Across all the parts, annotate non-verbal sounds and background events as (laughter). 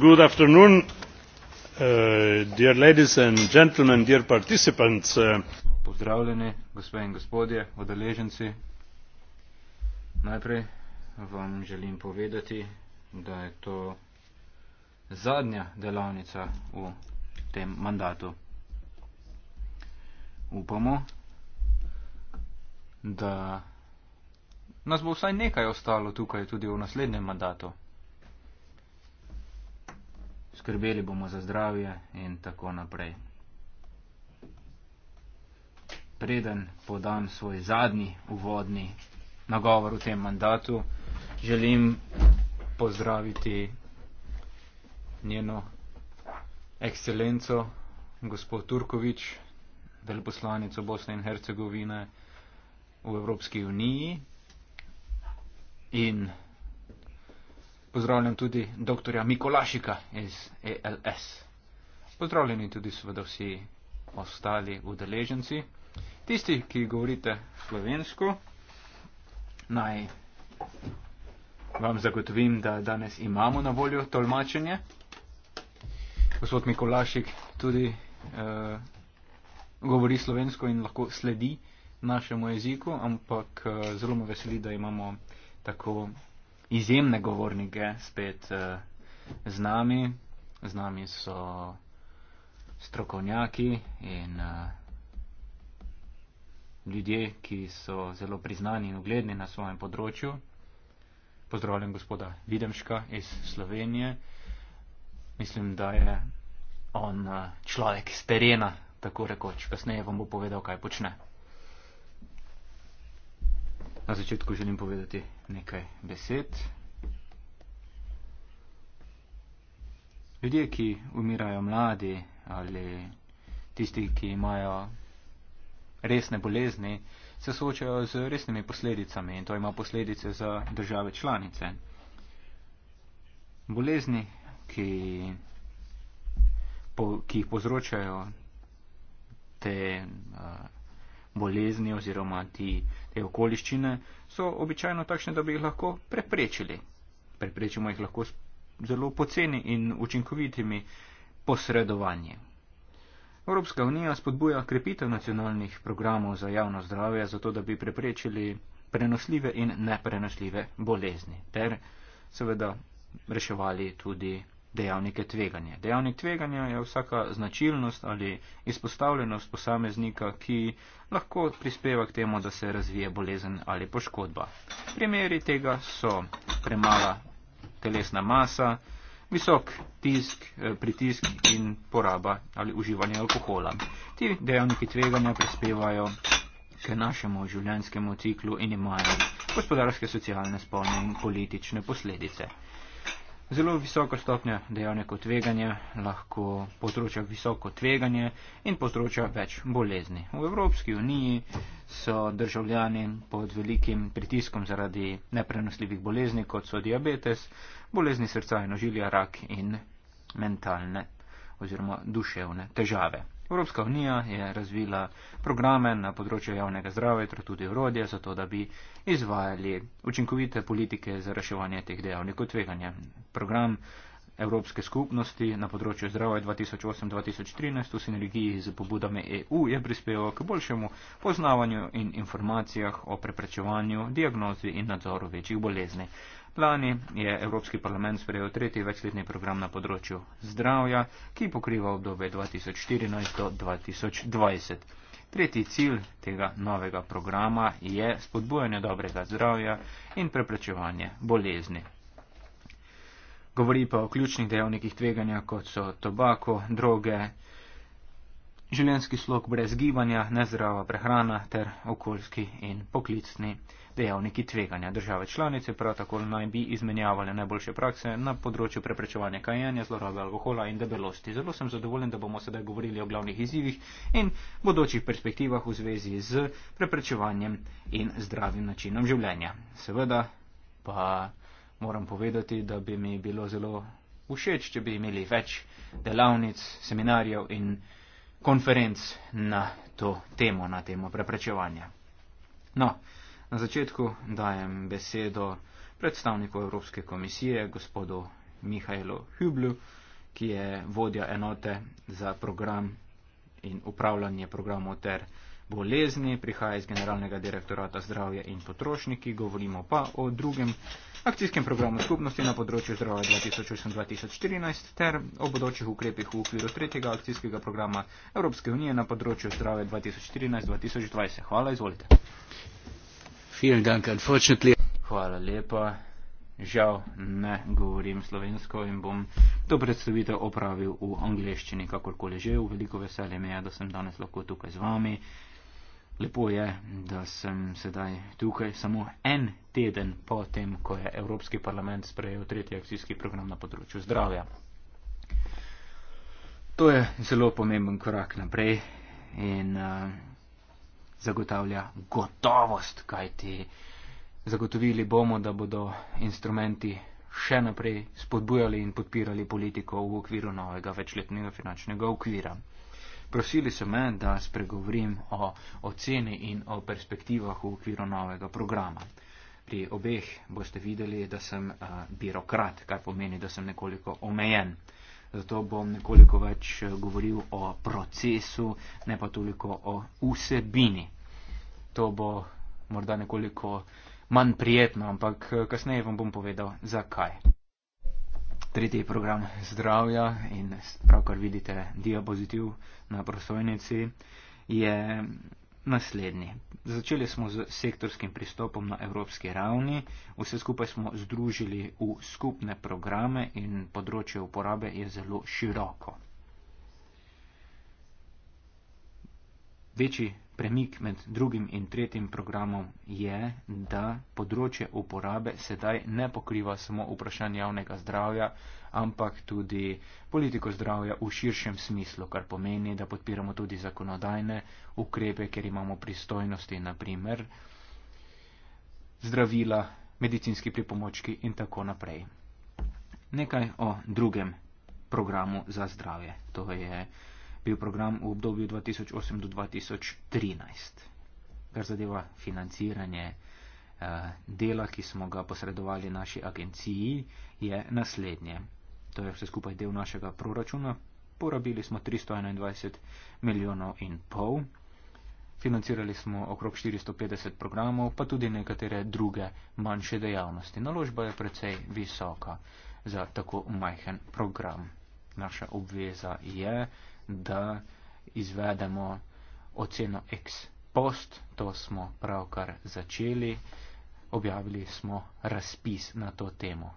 good afternoon uh, dear ladies and gentlemen dear participants uh, pozdravljeni gospe in gospodje udeleženci najprej vam želim povedati da je to zadnja delavnica v tem mandatu upamo da nas bo vsaj nekaj ostalo tukaj tudi v naslednjem mandatu skrbeli bomo za zdravje in tako naprej. Preden podam svoj zadnji uvodni nagovor v tem mandatu, želim pozdraviti njeno ekscelenco, gospod Turkovič, veleposlanico Bosne in Hercegovine v Evropski uniji in Pozdravljam tudi dr. Mikolašika iz ALS. E Pozdravljeni tudi seveda vsi ostali udeleženci. Tisti, ki govorite slovensko, naj vam zagotovim, da danes imamo na voljo tolmačenje. Gospod Mikolašik tudi uh, govori slovensko in lahko sledi našemu jeziku, ampak uh, zelo me veseli, da imamo tako izjemne govornike spet eh, z nami. Z nami so strokovnjaki in eh, ljudje, ki so zelo priznani in ugledni na svojem področju. Pozdravljam gospoda Videmška iz Slovenije. Mislim, da je on eh, človek iz terena, tako rekoč. Kasneje vam bo povedal, kaj počne. Na začetku želim povedati nekaj besed. Ljudje, ki umirajo mladi ali tisti, ki imajo resne bolezni, se soočajo z resnimi posledicami in to ima posledice za države članice. Bolezni, ki, po, ki jih povzročajo te. Uh, bolezni oziroma ti, te okoliščine so običajno takšne, da bi jih lahko preprečili. Preprečimo jih lahko s zelo poceni in učinkovitimi posredovanji. Evropska unija spodbuja krepitev nacionalnih programov za javno zdravje, zato da bi preprečili prenosljive in neprenosljive bolezni ter seveda reševali tudi dejavnike tveganja. Dejavnik tveganja je vsaka značilnost ali izpostavljenost posameznika, ki lahko prispeva k temu, da se razvije bolezen ali poškodba. Primeri tega so premala telesna masa, visok tisk, eh, pritisk in poraba ali uživanje alkohola. Ti dejavniki tveganja prispevajo k našemu življenjskemu ciklu in imajo gospodarske, socialne, spolne in politične posledice. Zelo visoka stopnja dejavnikov tveganja lahko povzroča visoko tveganje in povzroča več bolezni. V Evropski uniji so državljani pod velikim pritiskom zaradi neprenosljivih bolezni, kot so diabetes, bolezni srca in ožilja, rak in mentalne oziroma duševne težave. Evropska unija je razvila programe na področju javnega zdravja, ter tudi urodje, zato da bi izvajali učinkovite politike za reševanje teh dejavnikov tveganja. Program Evropske skupnosti na področju zdravja 2008-2013 v sinergiji z pobudami EU je prispeval k boljšemu poznavanju in informacijah o preprečevanju, diagnozi in nadzoru večjih bolezni. Lani je Evropski parlament sprejel tretji večletni program na področju zdravja, ki pokriva obdobje 2014 do 2020. Tretji cilj tega novega programa je spodbujanje dobrega zdravja in preprečevanje bolezni. Govori pa o ključnih dejavnikih tveganja, kot so tobako, droge, življenski slog brez gibanja, nezdrava prehrana ter okoljski in poklicni dejavniki tveganja. Države članice prav tako naj bi izmenjavale najboljše prakse na področju preprečevanja kajenja, zlorabe alkohola in debelosti. Zelo sem zadovoljen, da bomo sedaj govorili o glavnih izzivih in bodočih perspektivah v zvezi z preprečevanjem in zdravim načinom življenja. Seveda pa moram povedati, da bi mi bilo zelo všeč, če bi imeli več delavnic, seminarjev in konferenc na to temo, na temo preprečevanja. No, Na začetku dajem besedo predstavniku Evropske komisije, gospodu Mihajlu Hüblu, ki je vodja enote za program in upravljanje programov ter bolezni, prihaja iz Generalnega direktorata zdravja in potrošniki, govorimo pa o drugem akcijskem programu skupnosti na področju zdravja 2008-2014 ter o bodočih ukrepih v okviru tretjega akcijskega programa Evropske unije na področju zdravja 2014-2020. Hvala, izvolite. Vielen Dank, unfortunately. Hvala lepa. Žal ne govorim slovensko in bom to predstavitev opravil v angleščini, kakorkoli že. Veliko veselje mi je, da sem danes lahko tukaj z vami. Lepo je, da sem sedaj tukaj samo en teden po tem, ko je Evropski parlament sprejel tretji akcijski program na področju zdravja. To je zelo pomemben korak naprej in uh, zagotavlja gotovost, kajti zagotovili bomo, da bodo instrumenti še naprej spodbujali in podpirali politiko v okviru novega večletnega finančnega okvira. Prosili so me, da spregovorim o oceni in o perspektivah v okviru novega programa. Pri obeh boste videli, da sem uh, birokrat, kar pomeni, da sem nekoliko omejen zato bom nekoliko več eh, govoril o procesu, ne pa toliko o vsebini. To bo morda nekoliko manj prijetno, ampak eh, kasneje vam bom povedal, zakaj. Tretji program zdravja in pravkar vidite diapozitiv na prosojnici je naslednji. Začeli smo z sektorskim pristopom na evropski ravni, vse skupaj smo združili v skupne programe in področje uporabe je zelo široko. Večji premik med drugim in tretjim programom je, da področje uporabe sedaj ne pokriva samo vprašanje javnega zdravja, ampak tudi politiko zdravja v širšem smislu, kar pomeni, da podpiramo tudi zakonodajne ukrepe, ker imamo pristojnosti, naprimer zdravila, medicinski pripomočki in tako naprej. Nekaj o drugem programu za zdravje. To je bil program v obdobju 2008 do 2013, kar zadeva financiranje eh, dela, ki smo ga posredovali naši agenciji, je naslednje. To je vse skupaj del našega proračuna. Porabili smo 321 milijonov in pol, financirali smo okrog 450 programov, pa tudi nekatere druge manjše dejavnosti. Naložba je precej visoka za tako majhen program. Naša obveza je da izvedemo oceno ex post, to smo pravkar začeli, objavili smo razpis na to temo.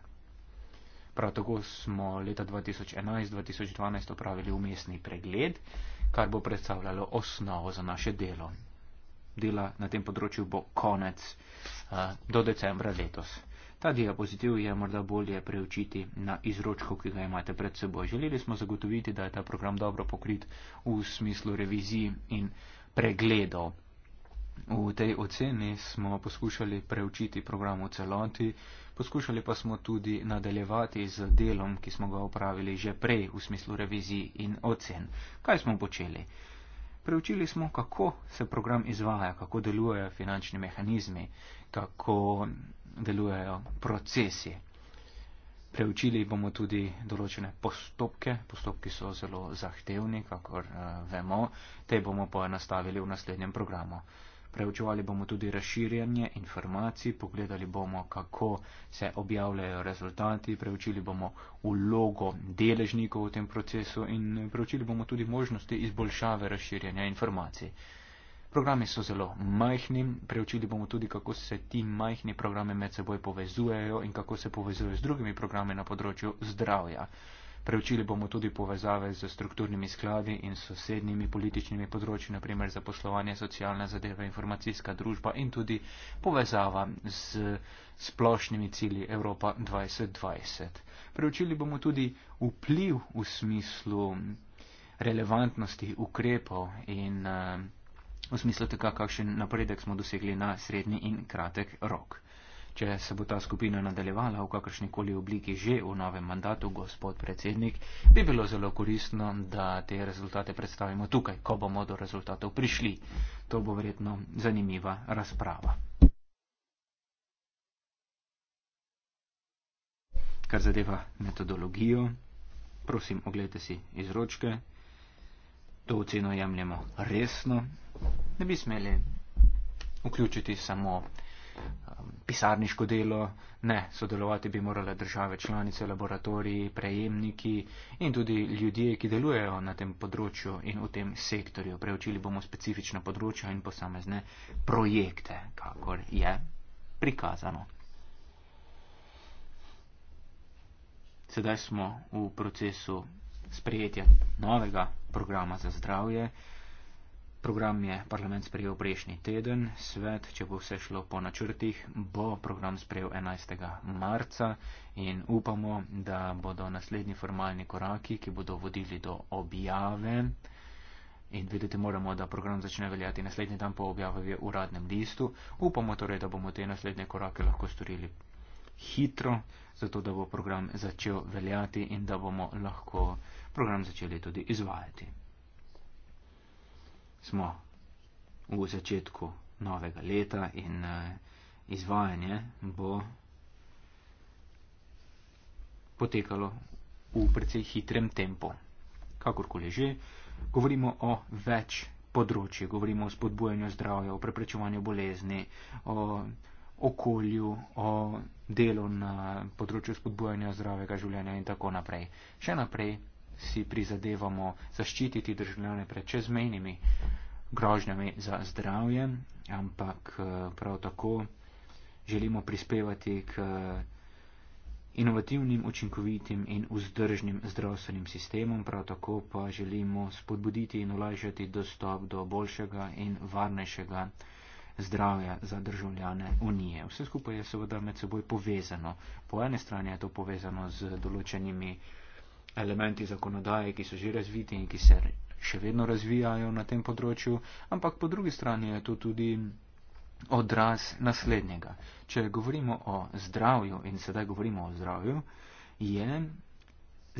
Prav tako smo leta 2011-2012 opravili umestni pregled, kar bo predstavljalo osnovo za naše delo. Dela na tem področju bo konec uh, do decembra letos. Ta diapozitiv je morda bolje preučiti na izročku, ki ga imate pred seboj. Želeli smo zagotoviti, da je ta program dobro pokrit v smislu revizij in pregledov. V tej oceni smo poskušali preučiti program v celoti, poskušali pa smo tudi nadaljevati z delom, ki smo ga opravili že prej v smislu revizij in ocen. Kaj smo počeli? Preučili smo, kako se program izvaja, kako delujejo finančni mehanizmi, kako delujejo procesi. Preučili bomo tudi določene postopke. Postopki so zelo zahtevni, kakor uh, vemo. Te bomo poenostavili v naslednjem programu. Preučevali bomo tudi razširjanje informacij, pogledali bomo, kako se objavljajo rezultati, preučili bomo ulogo deležnikov v tem procesu in preučili bomo tudi možnosti izboljšave razširjanja informacij. Uh, Programi so zelo majhni, preučili bomo tudi, kako se ti majhni programi med seboj povezujejo in kako se povezujejo z drugimi programi na področju zdravja. Preučili bomo tudi povezave z strukturnimi skladi in sosednjimi političnimi področji, naprimer za poslovanje, socialna zadeva, informacijska družba in tudi povezava z splošnimi cilji Evropa 2020. Preučili bomo tudi vpliv v smislu relevantnosti ukrepov in uh, v smislu tega, kakšen napredek smo dosegli na srednji in kratek rok. Če se bo ta skupina nadaljevala v kakršnikoli obliki že v novem mandatu, gospod predsednik, bi bilo zelo koristno, da te rezultate predstavimo tukaj, ko bomo do rezultatov prišli. To bo verjetno zanimiva razprava. Kar zadeva metodologijo, prosim, oglejte si izročke. To oceno jemljemo resno, ne bi smeli vključiti samo um, pisarniško delo, ne, sodelovati bi morale države članice, laboratoriji, prejemniki in tudi ljudje, ki delujejo na tem področju in v tem sektorju. Preučili bomo specifična področja in posamezne projekte, kakor je prikazano. Sedaj smo v procesu sprejetja novega programa za zdravje. Program je parlament sprejel prejšnji teden, svet, če bo vse šlo po načrtih, bo program sprejel 11. marca in upamo, da bodo naslednji formalni koraki, ki bodo vodili do objave. In videti moramo, da program začne veljati naslednji dan po objavi v uradnem listu. Upamo torej, da bomo te naslednje korake lahko storili hitro, zato da bo program začel veljati in da bomo lahko program začeli tudi izvajati smo v začetku novega leta in eh, izvajanje bo potekalo v precej hitrem tempu. Kakorkoli že, govorimo o več področjih, govorimo o spodbujanju zdravja, o preprečevanju bolezni, o okolju, o delu na področju spodbujanja zdravega življenja in tako naprej. Še naprej si prizadevamo zaščititi državljane pred čezmejnimi grožnjami za zdravje, ampak eh, prav tako želimo prispevati k eh, inovativnim, učinkovitim in vzdržnim zdravstvenim sistemom, prav tako pa želimo spodbuditi in olajšati dostop do boljšega in varnejšega zdravja za državljane Unije. Vse skupaj je seveda med seboj povezano. Po eni strani je to povezano z določenimi elementi zakonodaje, ki so že razviti in ki se še vedno razvijajo na tem področju, ampak po drugi strani je to tudi odraz naslednjega. Če govorimo o zdravju in sedaj govorimo o zdravju, je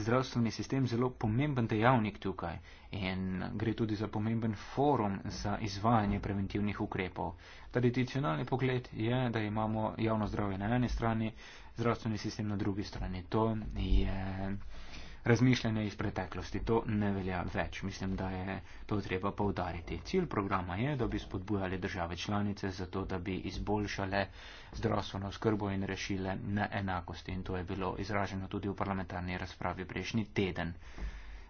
zdravstveni sistem zelo pomemben dejavnik tukaj in gre tudi za pomemben forum za izvajanje preventivnih ukrepov. Tradicionalni pogled je, da imamo javno zdravje na eni strani, zdravstveni sistem na drugi strani. To je razmišljanje iz preteklosti. To ne velja več. Mislim, da je to treba povdariti. Cilj programa je, da bi spodbujali države članice za to, da bi izboljšale zdravstveno skrbo in rešile neenakosti. In to je bilo izraženo tudi v parlamentarni razpravi prejšnji teden.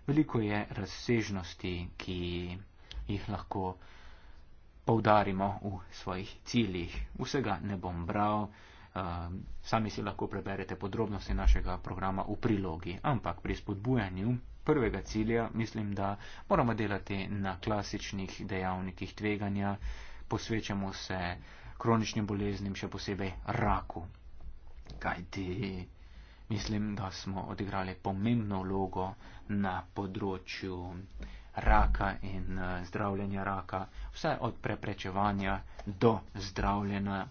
Veliko je razsežnosti, ki jih lahko poudarimo v svojih ciljih. Vsega ne bom bral. Ehm, sami si lahko preberete podrobnosti našega programa v prilogi. Ampak pri spodbujanju prvega cilja mislim, da moramo delati na klasičnih dejavnikih tveganja, posvečamo se kroničnim boleznim, še posebej raku. Kaj ti? Mislim, da smo odigrali pomembno vlogo na področju raka in eh, zdravljenja raka, vse od preprečevanja do zdravljenja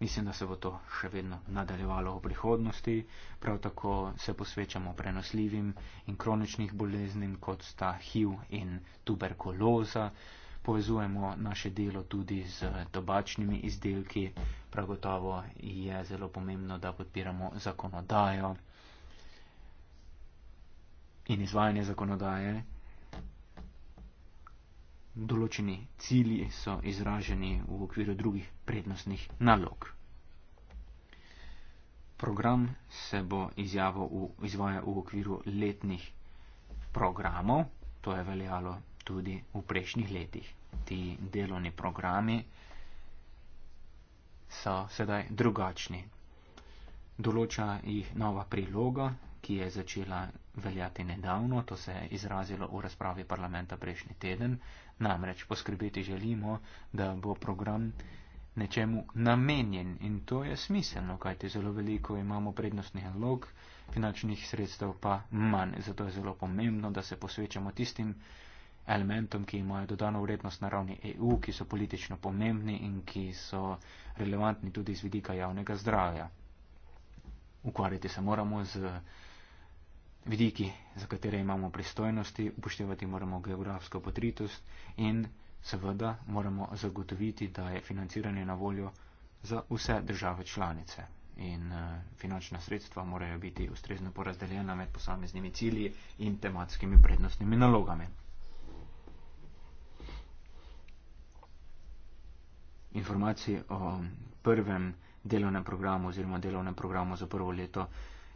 Mislim, da se bo to še vedno nadaljevalo v prihodnosti. Prav tako se posvečamo prenosljivim in kroničnih boleznim, kot sta HIV in tuberkuloza. Povezujemo naše delo tudi z tobačnimi izdelki. Prav gotovo je zelo pomembno, da podpiramo zakonodajo in izvajanje zakonodaje, določeni cilji so izraženi v okviru drugih prednostnih nalog. Program se bo izjavo v, izvaja v okviru letnih programov, to je veljalo tudi v prejšnjih letih. Ti delovni programi so sedaj drugačni. Določa jih nova priloga, ki je začela veljati nedavno, to se je izrazilo v razpravi parlamenta prejšnji teden, namreč poskrbeti želimo, da bo program nečemu namenjen in to je smiselno, kajti zelo veliko imamo prednostnih nalog, finančnih sredstev pa manj, zato je zelo pomembno, da se posvečamo tistim elementom, ki imajo dodano vrednost na ravni EU, ki so politično pomembni in ki so relevantni tudi z vidika javnega zdravja. Ukvarjati se moramo z vidiki, za katere imamo pristojnosti, upoštevati moramo geografsko potritost in seveda moramo zagotoviti, da je financiranje na voljo za vse države članice in eh, finančna sredstva morajo biti ustrezno porazdeljena med posameznimi cilji in tematskimi prednostnimi nalogami. Informacij o prvem delovnem programu oziroma delovnem programu za prvo leto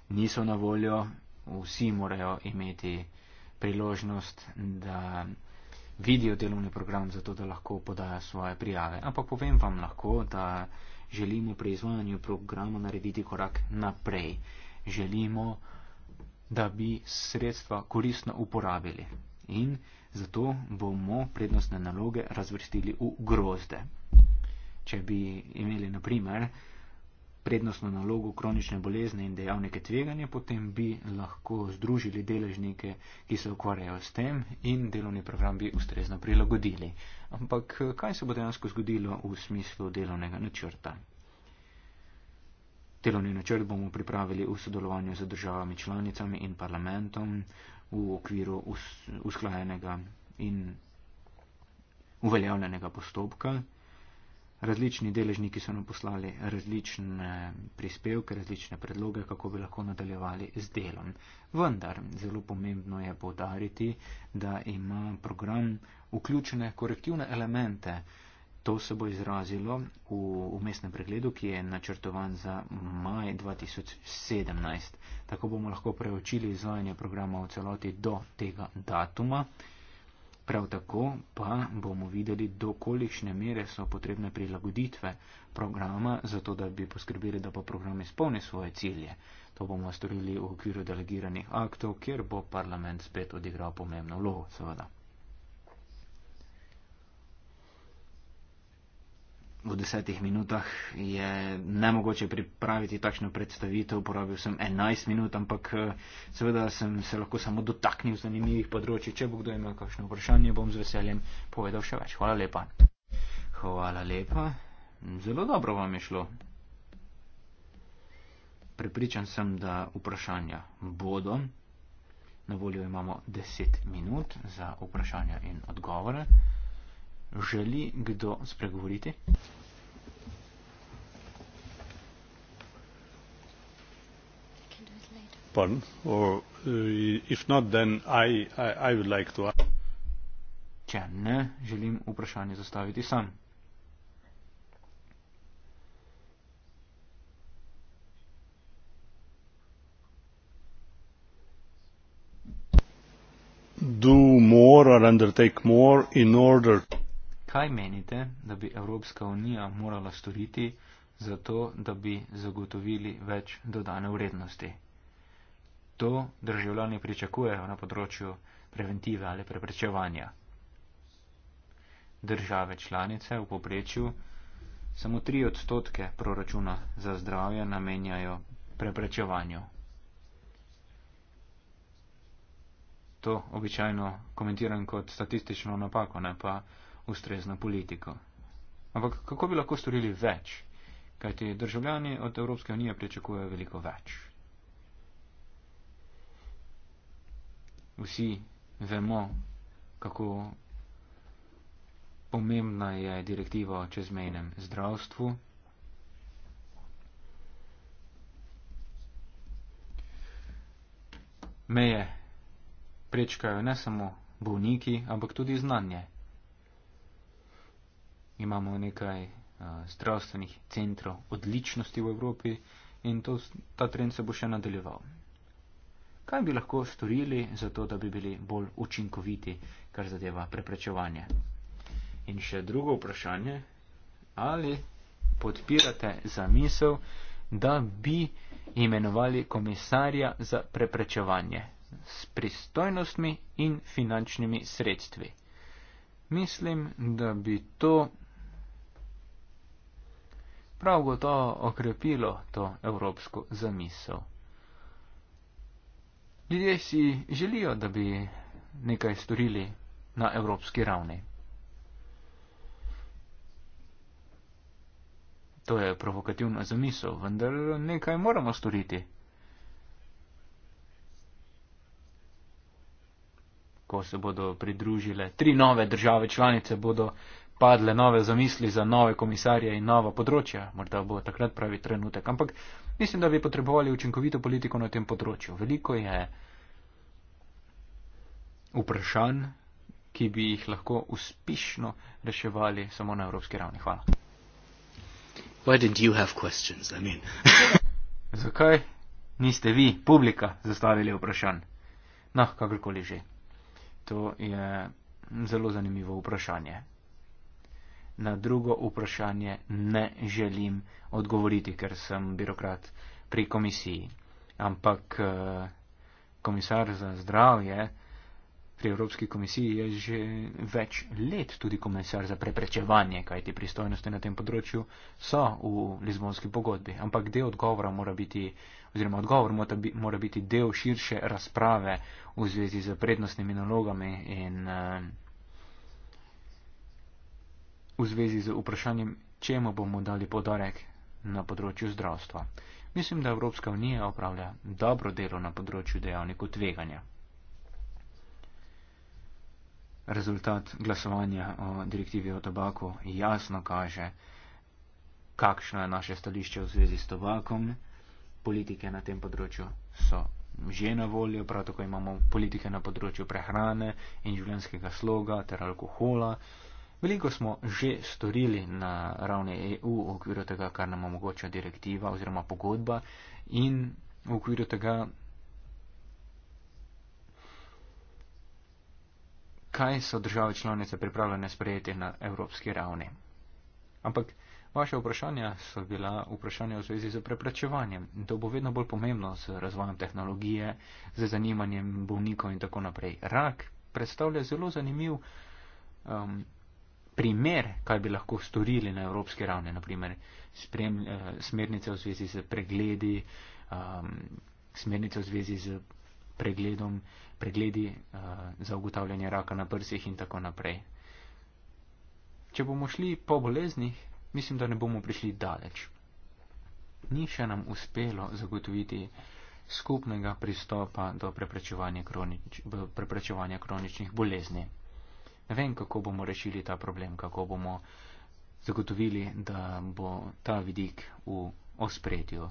niso na voljo vsi morajo imeti priložnost, da vidijo delovni program, zato da lahko podajo svoje prijave. Ampak povem vam lahko, da želimo pri izvajanju programa narediti korak naprej. Želimo, da bi sredstva koristno uporabili. In zato bomo prednostne naloge razvrstili v grozde. Če bi imeli, na primer, prednostno nalogo kronične bolezni in dejavnike tveganja, potem bi lahko združili deležnike, ki se ukvarjajo s tem in delovni program bi ustrezno prilagodili. Ampak kaj se bo dejansko zgodilo v smislu delovnega načrta? Delovni načrt bomo pripravili v sodelovanju z državami članicami in parlamentom v okviru usklajenega in uveljavljenega postopka. Različni deležniki so nam poslali različne prispevke, različne predloge, kako bi lahko nadaljevali z delom. Vendar zelo pomembno je povdariti, da ima program vključene korektivne elemente. To se bo izrazilo v umestnem pregledu, ki je načrtovan za maj 2017. Tako bomo lahko preučili izvajanje programa v celoti do tega datuma. Prav tako pa bomo videli, do kolikšne mere so potrebne prilagoditve programa, zato da bi poskrbeli, da pa program izpolni svoje cilje. To bomo storili v okviru delegiranih aktov, kjer bo parlament spet odigral pomembno vlogo, seveda. v desetih minutah je nemogoče pripraviti takšno predstavitev, porabil sem 11 minut, ampak eh, seveda sem se lahko samo dotaknil zanimivih področji. Če bo kdo imel kakšno vprašanje, bom z veseljem povedal še več. Hvala lepa. Hvala lepa. Zelo dobro vam je šlo. Pripričan sem, da vprašanja bodo. Na voljo imamo 10 minut za vprašanja in odgovore. Želi kdo spregovoriti? pardon or uh, if not then I, I i would like to ask Če ne, želim vprašanje zastaviti sam. Do more or undertake more in order. Kaj menite, da bi Evropska unija morala storiti za to, da bi zagotovili več dodane vrednosti? to državljani pričakujejo na področju preventive ali preprečevanja. Države članice v poprečju samo tri odstotke proračuna za zdravje namenjajo preprečevanju. To običajno komentiram kot statistično napako, ne pa ustrezno politiko. Ampak kako bi lahko storili več, kajti državljani od Evropske unije pričakujejo veliko več. vsi vemo, kako pomembna je direktiva o čezmejnem zdravstvu. Meje prečkajo ne samo bolniki, ampak tudi znanje. Imamo nekaj uh, zdravstvenih centrov odličnosti v Evropi in to, ta trend se bo še nadaljeval kaj bi lahko storili za to, da bi bili bolj učinkoviti, kar zadeva preprečevanje. In še drugo vprašanje, ali podpirate zamisel, da bi imenovali komisarja za preprečevanje s pristojnostmi in finančnimi sredstvi. Mislim, da bi to prav gotovo okrepilo to evropsko zamisel. Ljudje si želijo, da bi nekaj storili na evropski ravni. To je provokativna zamisel, vendar nekaj moramo storiti. Ko se bodo pridružile tri nove države članice, bodo padle nove zamisli za nove komisarje in nova področja, morda bo takrat pravi trenutek, ampak mislim, da bi potrebovali učinkovito politiko na tem področju. Veliko je vprašanj, ki bi jih lahko uspešno reševali samo na evropski ravni. Hvala. I mean. (laughs) Zakaj niste vi, publika, zastavili vprašanj? No, kakorkoli že. To je zelo zanimivo vprašanje na drugo vprašanje ne želim odgovoriti, ker sem birokrat pri komisiji. Ampak eh, komisar za zdravje pri Evropski komisiji je že več let tudi komisar za preprečevanje, kaj ti pristojnosti na tem področju so v Lizbonski pogodbi. Ampak del odgovora mora biti, oziroma odgovor mora biti del širše razprave v zvezi z prednostnimi nalogami in uh, v zvezi z vprašanjem, čemu bomo dali podarek na področju zdravstva. Mislim, da Evropska unija opravlja dobro delo na področju dejavnikov tveganja. Rezultat glasovanja o direktivi o tobaku jasno kaže, kakšno je naše stališče v zvezi s tobakom. Politike na tem področju so že na voljo, prav tako imamo politike na področju prehrane in življenskega sloga ter alkohola. Veliko smo že storili na ravni EU v okviru tega, kar nam omogoča direktiva oziroma pogodba in v okviru tega, kaj so države članice pripravljene sprejeti na evropski ravni. Ampak vaše vprašanja so bila vprašanja v zvezi z preprečevanjem. To bo vedno bolj pomembno z razvojem tehnologije, z zanimanjem bolnikov in tako naprej. Rak predstavlja zelo zanimiv. Um, primer, kaj bi lahko storili na evropski ravni, naprimer sprem, eh, smernice v zvezi z pregledi, um, smernice v zvezi z pregledom, pregledi uh, za ugotavljanje raka na prsih in tako naprej. Če bomo šli po boleznih, mislim, da ne bomo prišli daleč. Ni še nam uspelo zagotoviti skupnega pristopa do preprečevanja kronič, kroničnih bolezni vem, kako bomo rešili ta problem, kako bomo zagotovili, da bo ta vidik v ospredju.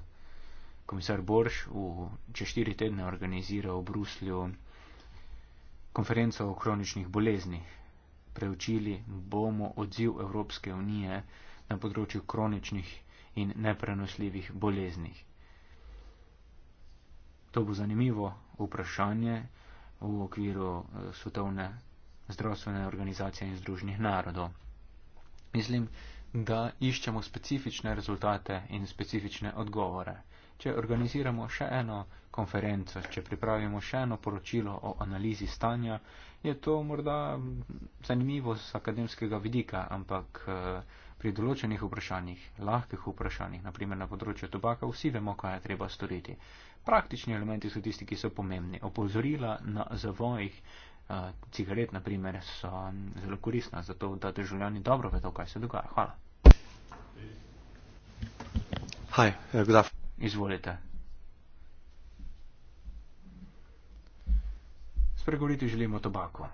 Komisar Borš v čez štiri tedne organizira v Bruslju konferenco o kroničnih boleznih. Preučili bomo odziv Evropske unije na področju kroničnih in neprenosljivih boleznih. To bo zanimivo vprašanje v okviru eh, svetovne zdravstvene organizacije in združnih narodov. Mislim, da iščemo specifične rezultate in specifične odgovore. Če organiziramo še eno konferenco, če pripravimo še eno poročilo o analizi stanja, je to morda zanimivo z akademskega vidika, ampak eh, pri določenih vprašanjih, lahkih vprašanjih, naprimer na področju tobaka, vsi vemo, kaj je treba storiti. Praktični elementi so tisti, ki so pomembni. Opozorila na zavojih, uh, cigaret, naprimer, so zelo koristna za to, da državljani dobro vedo, kaj se dogaja. Hvala. Hi, uh, Izvolite. Spregovoriti želimo o tobaku.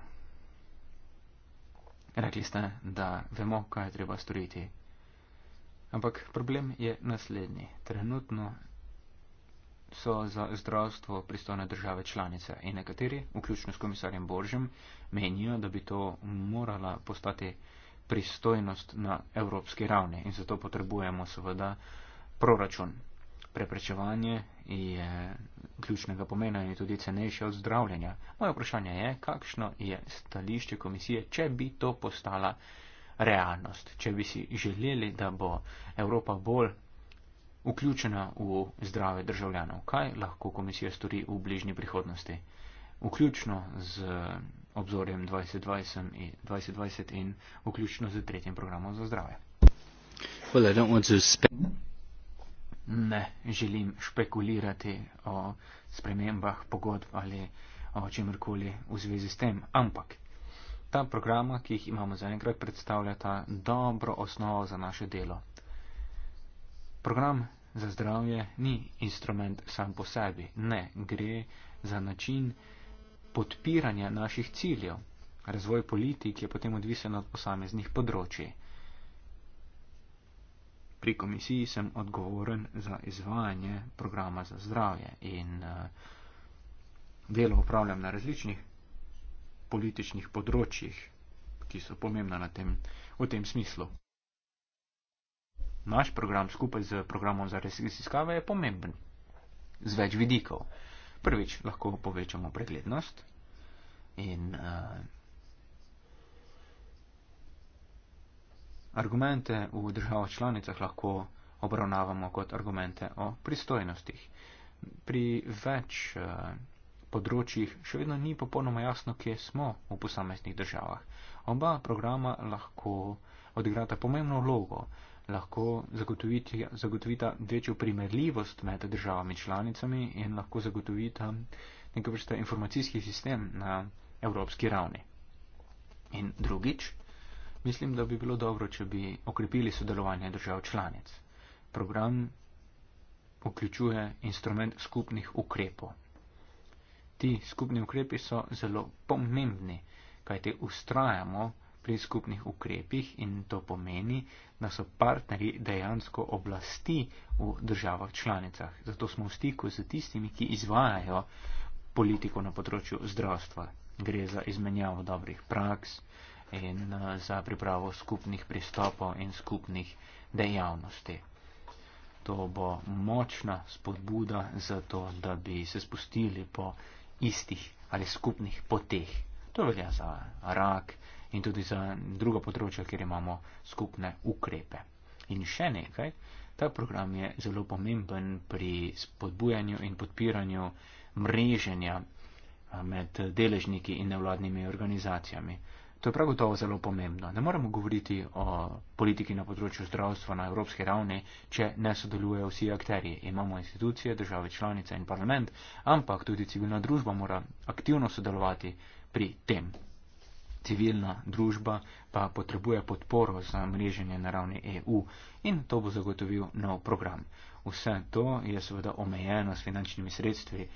Rekli ste, da vemo, kaj je treba storiti. Ampak problem je naslednji. Trenutno so za zdravstvo pristojne države članice in nekateri, vključno s komisarjem Boržem, menijo, da bi to morala postati pristojnost na evropski ravni in zato potrebujemo seveda proračun. Preprečevanje je ključnega pomena in je tudi cenejše od zdravljenja. Moje vprašanje je, kakšno je stališče komisije, če bi to postala realnost, če bi si želeli, da bo Evropa bolj vključena v zdrave državljanov. Kaj lahko komisija stori v bližnji prihodnosti, vključno z obzorjem 2020 in vključno z tretjim programom za zdrave? Well, ne želim špekulirati o spremembah pogodb ali o čemrkoli v zvezi s tem, ampak ta programa, ki jih imamo zaenkrat, predstavljata dobro osnovo za naše delo. Program za zdravje ni instrument sam po sebi, ne, gre za način podpiranja naših ciljev. Razvoj politik je potem odvisen od posameznih področji. Pri komisiji sem odgovoren za izvajanje programa za zdravje in eh, delo upravljam na različnih političnih področjih, ki so pomembna na tem, v tem smislu naš program skupaj z programom za raziskave je pomemben. Z več vidikov. Prvič, lahko povečamo preglednost in uh, argumente v državah članicah lahko obravnavamo kot argumente o pristojnostih. Pri več uh, področjih še vedno ni popolnoma jasno, kje smo v posameznih državah. Oba programa lahko odigrata pomembno vlogo lahko zagotovita večjo primerljivost med državami članicami in lahko zagotovita nekaj vrsta informacijski sistem na evropski ravni. In drugič, mislim, da bi bilo dobro, če bi okrepili sodelovanje držav članic. Program vključuje instrument skupnih ukrepov. Ti skupni ukrepi so zelo pomembni, kajte ustrajamo, pri skupnih ukrepih in to pomeni, da so partnerji dejansko oblasti v državah članicah. Zato smo v stiku z tistimi, ki izvajajo politiko na področju zdravstva. Gre za izmenjavo dobrih praks in eh, za pripravo skupnih pristopov in skupnih dejavnosti. To bo močna spodbuda za to, da bi se spustili po istih ali skupnih poteh. To velja za rak, in tudi za druga področja, kjer imamo skupne ukrepe. In še nekaj, ta program je zelo pomemben pri spodbujanju in podpiranju mreženja med deležniki in nevladnimi organizacijami. To je prav gotovo zelo pomembno. Ne moremo govoriti o politiki na področju zdravstva na evropski ravni, če ne sodelujejo vsi akteri. Imamo institucije, države članice in parlament, ampak tudi civilna družba mora aktivno sodelovati pri tem civilna družba pa potrebuje podporo za mreženje na ravni EU in to bo zagotovil nov program. Vse to je seveda omejeno s finančnimi sredstvi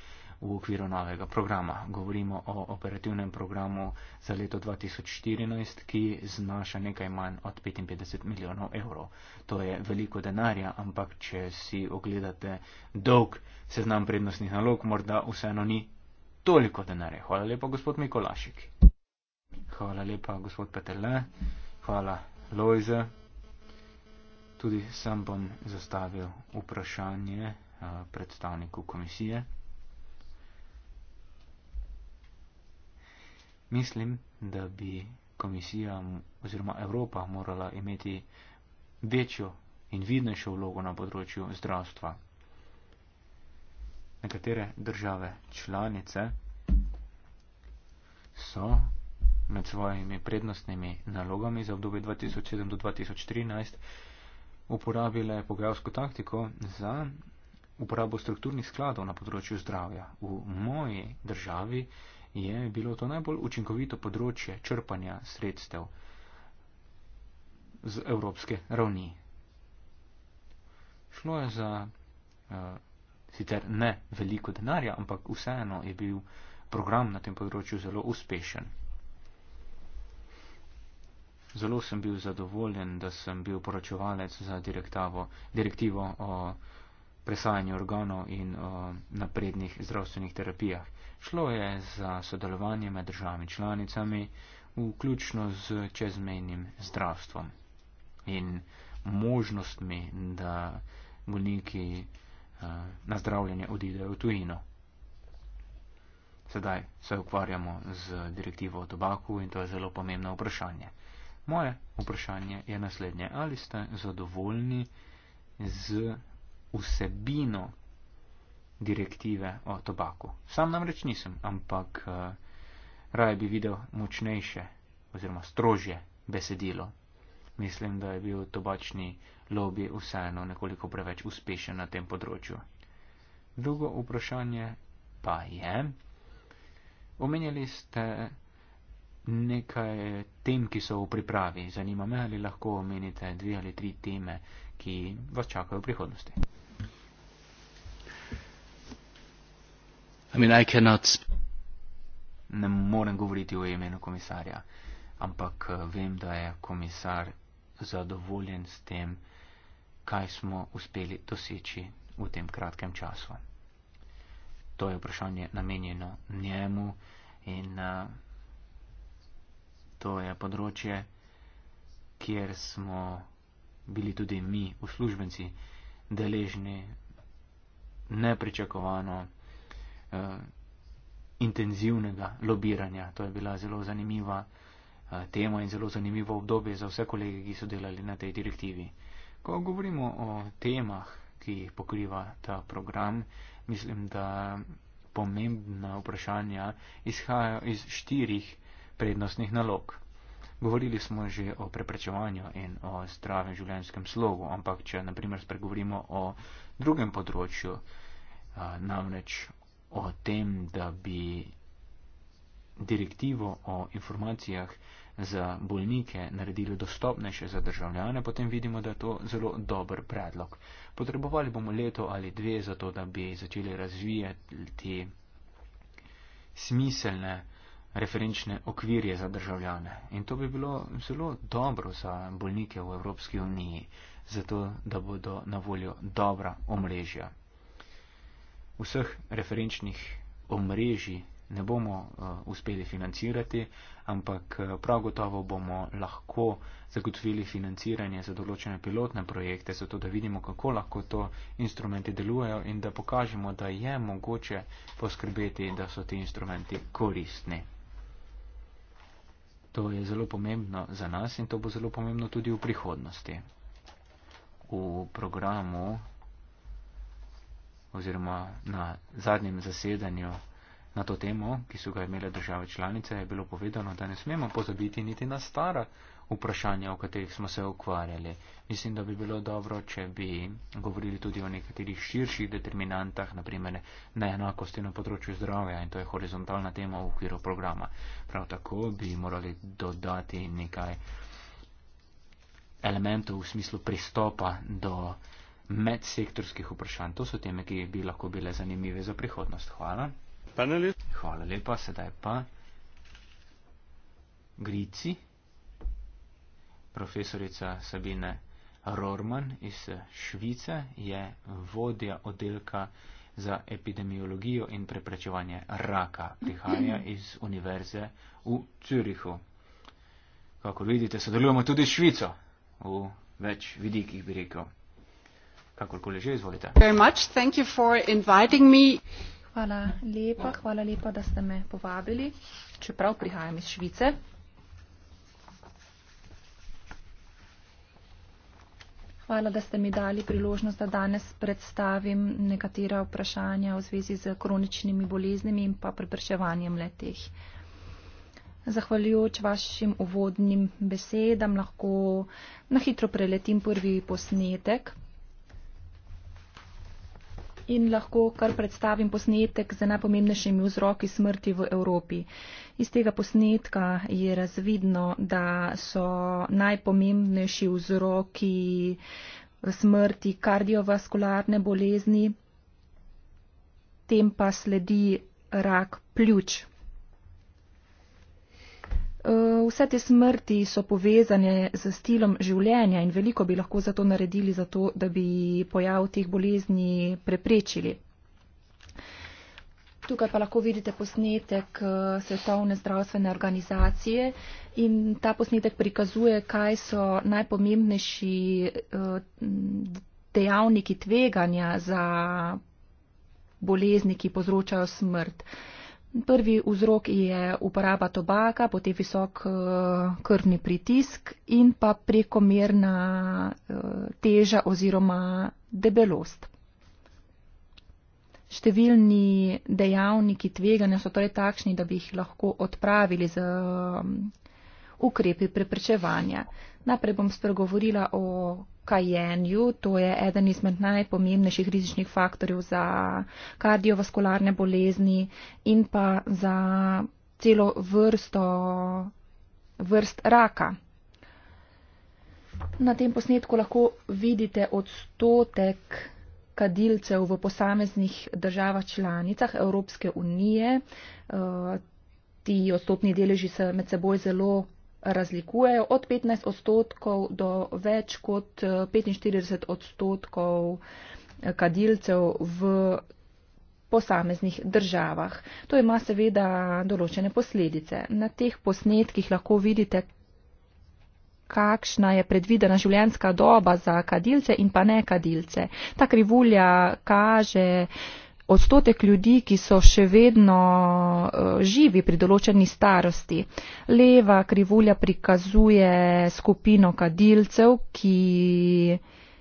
v okviru novega programa. Govorimo o operativnem programu za leto 2014, ki znaša nekaj manj od 55 milijonov evrov. To je veliko denarja, ampak če si ogledate dolg seznam prednostnih nalog, morda vseeno ni toliko denarja. Hvala lepa, gospod Mikolašik. Hvala lepa, gospod Petrle, hvala Lojze. Tudi sam bom zastavil vprašanje eh, predstavniku komisije. Mislim, da bi komisija oziroma Evropa morala imeti večjo in vidnejšo vlogo na področju zdravstva. Nekatere države članice so med svojimi prednostnimi nalogami za obdobje 2007 do 2013 uporabile pogajalsko taktiko za uporabo strukturnih skladov na področju zdravja. V moji državi je bilo to najbolj učinkovito področje črpanja sredstev z evropske ravni. Šlo je za uh, sicer ne veliko denarja, ampak vseeno je bil program na tem področju zelo uspešen. Zelo sem bil zadovoljen, da sem bil poročevalec za direktivo o presajanju organov in o naprednih zdravstvenih terapijah. Šlo je za sodelovanje med državami članicami, vključno z čezmejnim zdravstvom in možnostmi, da bolniki eh, na zdravljenje odidejo v tujino. Sedaj se ukvarjamo z direktivo o tobaku in to je zelo pomembno vprašanje. Moje vprašanje je naslednje. Ali ste zadovoljni z vsebino direktive o tobaku? Sam namreč nisem, ampak uh, raje bi videl močnejše oziroma strožje besedilo. Mislim, da je bil tobačni lobby vseeno nekoliko preveč uspešen na tem področju. Drugo vprašanje pa je. Omenjali ste nekaj tem, ki so v pripravi. Zanima me, ali lahko omenite dve ali tri teme, ki vas čakajo v prihodnosti. I mean, I ne morem govoriti o imenu komisarja, ampak eh, vem, da je komisar zadovoljen s tem, kaj smo uspeli doseči v tem kratkem času. To je vprašanje namenjeno njemu in uh, to je področje, kjer smo bili tudi mi, uslužbenci, deležni nepričakovano uh, intenzivnega lobiranja. To je bila zelo zanimiva uh, tema in zelo zanimivo obdobje za vse kolege, ki so delali na tej direktivi. Ko govorimo o temah, ki jih pokriva ta program, mislim, da pomembna vprašanja izhajajo iz štirih prednostnih nalog. Govorili smo že o preprečevanju in o zdravem življenjskem slogu, ampak če naprimer spregovorimo o drugem področju, namreč o tem, da bi direktivo o informacijah za bolnike naredili dostopnejše za državljane, potem vidimo, da je to zelo dober predlog. Potrebovali bomo leto ali dve za to, da bi začeli razvijati smiselne referenčne okvirje za državljane. In to bi bilo zelo dobro za bolnike v Evropski uniji, zato da bodo na voljo dobra omrežja. Vseh referenčnih omrežij ne bomo uh, uspeli financirati, ampak eh, prav gotovo bomo lahko zagotovili financiranje za določene pilotne projekte, zato da vidimo, kako lahko to instrumenti delujejo in da pokažemo, da je mogoče poskrbeti, da so ti instrumenti koristni. To je zelo pomembno za nas in to bo zelo pomembno tudi v prihodnosti. V programu oziroma na zadnjem zasedanju na to temo, ki so ga imele države članice, je bilo povedano, da ne smemo pozabiti niti na stara vprašanja, o katerih smo se ukvarjali. Mislim, da bi bilo dobro, če bi govorili tudi o nekaterih širših determinantah, naprimer neenakosti na področju zdravja in to je horizontalna tema v okviru programa. Prav tako bi morali dodati nekaj elementov v smislu pristopa do medsektorskih vprašanj. To so teme, ki bi lahko bile zanimive za prihodnost. Hvala. Hvala lepa, sedaj pa. Grici profesorica Sabine Rorman iz Švice je vodja oddelka za epidemiologijo in preprečevanje raka, prihaja (clears throat) iz univerze v Curihu. Kako vidite, sodelujemo tudi s Švico v več vidikih, bi rekel. Kakorkoli že izvolite. Hvala lepa, hvala lepa, da ste me povabili, čeprav prihajam iz Švice. Hvala, da ste mi dali priložnost, da danes predstavim nekatera vprašanja v zvezi z kroničnimi boleznimi in pa preprečevanjem leteh. Zahvaljujoč vašim uvodnim besedam lahko na hitro preletim prvi posnetek in lahko kar predstavim posnetek z najpomembnejšimi vzroki smrti v Evropi. Iz tega posnetka je razvidno, da so najpomembnejši vzroki smrti kardiovaskularne bolezni, tem pa sledi rak pljuč. Eh, vse te smrti so povezane z stilom življenja in veliko bi lahko za to naredili, za to, da bi pojav teh bolezni preprečili. Tukaj pa lahko vidite posnetek eh, Svetovne zdravstvene organizacije in ta posnetek prikazuje, kaj so najpomembnejši eh, dejavniki tveganja za bolezni, ki povzročajo smrt. Prvi vzrok je uporaba tobaka, potem visok eh, krvni pritisk in pa prekomerna eh, teža oziroma debelost. Številni dejavniki tveganja so torej takšni, da bi jih lahko odpravili z mm, ukrepi preprečevanja. Najprej bom spregovorila o kajenju. To je eden izmed najpomembnejših rizičnih faktorjev za kardiovaskularne bolezni in pa za celo vrsto vrst raka. Na tem posnetku lahko vidite odstotek kadilcev v posameznih državah članicah Evropske unije. Eh, ti odstotni deleži se med seboj zelo razlikujejo od 15 odstotkov do več kot 45 eh, odstotkov eh, kadilcev v posameznih državah. To ima seveda določene posledice. Na teh posnetkih lahko vidite, kakšna je predvidena življenjska doba za kadilce in pa ne kadilce. Ta krivulja kaže, odstotek ljudi, ki so še vedno eh, živi pri določeni starosti. Leva krivulja prikazuje skupino kadilcev, ki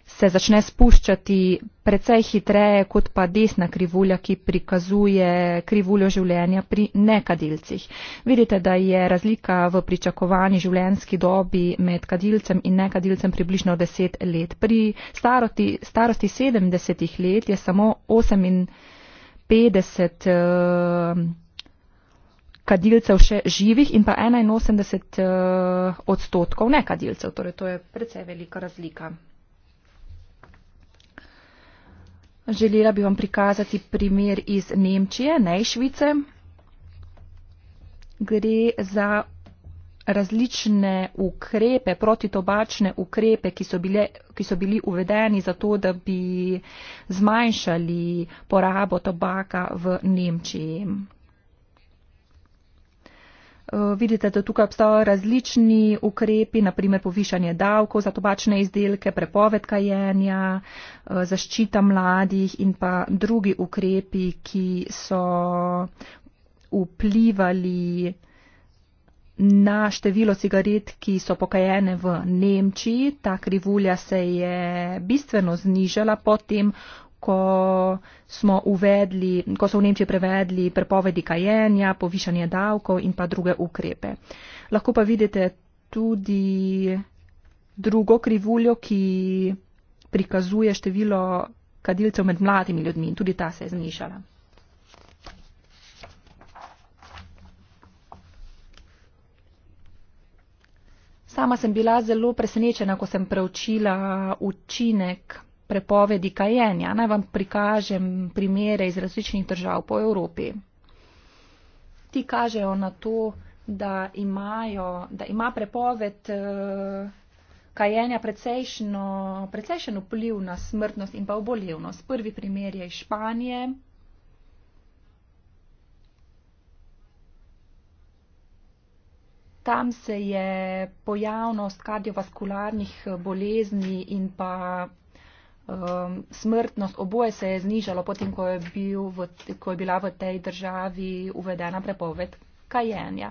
se začne spuščati precej hitreje kot pa desna krivulja, ki prikazuje krivuljo življenja pri nekadilcih. Vidite, da je razlika v pričakovani življenjski dobi med kadilcem in nekadilcem približno 10 let. Pri staroti, starosti 70 let je samo 8 in 50 uh, eh, kadilcev še živih in pa 81 uh, eh, odstotkov nekadilcev. Torej, to je precej velika razlika. Želela bi vam prikazati primer iz Nemčije, ne iz Švice. Gre za različne ukrepe, protitobačne ukrepe, ki so, bile, ki so bili uvedeni za to, da bi zmanjšali porabo tobaka v Nemčiji. Eh, vidite, da tukaj obstajajo različni ukrepi, naprimer povišanje davkov za tobačne izdelke, prepoved kajenja, eh, zaščita mladih in pa drugi ukrepi, ki so vplivali na število cigaret, ki so pokajene v Nemčiji. Ta krivulja se je bistveno znižala potem, ko, smo uvedli, ko so v Nemčiji prevedli prepovedi kajenja, povišanje davkov in pa druge ukrepe. Lahko pa vidite tudi drugo krivuljo, ki prikazuje število kadilcev med mladimi ljudmi in tudi ta se je znižala. sama sem bila zelo presenečena, ko sem preučila učinek prepovedi kajenja. Naj vam prikažem primere iz različnih držav po Evropi. Ti kažejo na to, da, imajo, da ima prepoved eh, kajenja precejšen vpliv na smrtnost in pa obolevnost. Prvi primer je iz Španije. tam se je pojavnost kardiovaskularnih bolezni in pa um, smrtnost oboje se je znižalo, potem ko je, bil v, ko je bila v tej državi uvedena prepoved kajenja.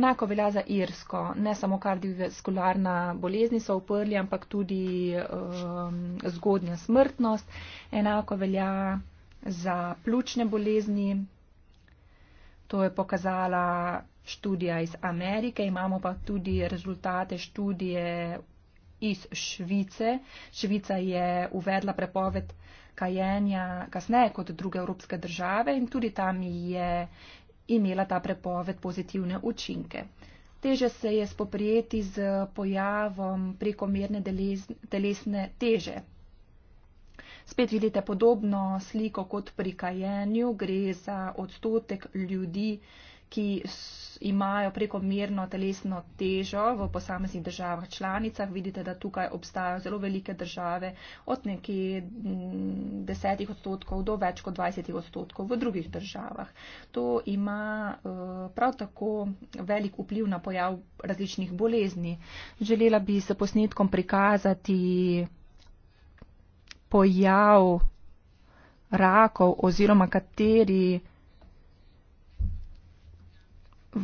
Enako velja za Irsko. Ne samo kardiovaskularna bolezni so uprli, ampak tudi um, zgodnja smrtnost. Enako velja za pljučne bolezni. To je pokazala študija iz Amerike, imamo pa tudi rezultate študije iz Švice. Švica je uvedla prepoved kajenja kasneje kot druge evropske države in tudi tam je imela ta prepoved pozitivne učinke. Teže se je spoprijeti z pojavom prekomerne telesne teže. Spet vidite podobno sliko kot pri kajenju, gre za odstotek ljudi, ki imajo prekomerno telesno težo v posameznih državah članicah. Vidite, da tukaj obstajajo zelo velike države od nekje mm, desetih odstotkov do več kot dvajsetih odstotkov v drugih državah. To ima eh, prav tako velik vpliv na pojav različnih bolezni. Želela bi se posnetkom prikazati pojav rakov oziroma kateri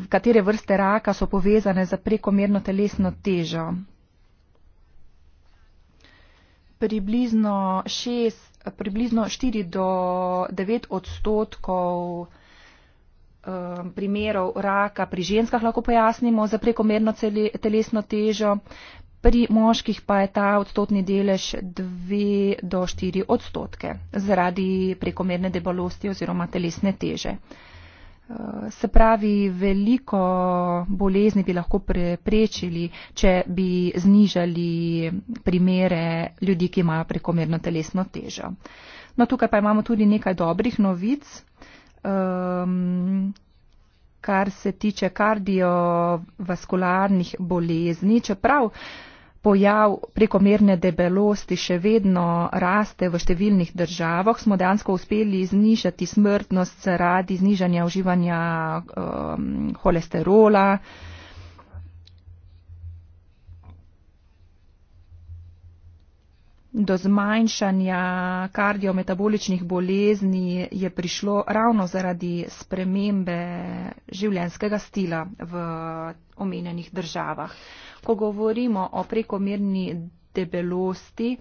katere vrste raka so povezane za prekomerno telesno težo. Približno, šest, približno 4 do 9 odstotkov eh, primerov raka pri ženskah lahko pojasnimo za prekomerno telesno težo, pri moških pa je ta odstotni delež 2 do 4 odstotke zaradi prekomerne debelosti oziroma telesne teže. Se pravi, veliko bolezni bi lahko preprečili, če bi znižali primere ljudi, ki imajo prekomerno telesno težo. No, tukaj pa imamo tudi nekaj dobrih novic, um, kar se tiče kardiovaskularnih bolezni. Čeprav uh, pojav prekomerne debelosti še vedno raste v številnih državah. Smo dejansko uspeli znižati smrtnost zaradi znižanja uživanja um, holesterola. do zmanjšanja kardiometaboličnih bolezni je prišlo ravno zaradi spremembe življenskega stila v omenjenih državah. Ko govorimo o prekomerni debelosti,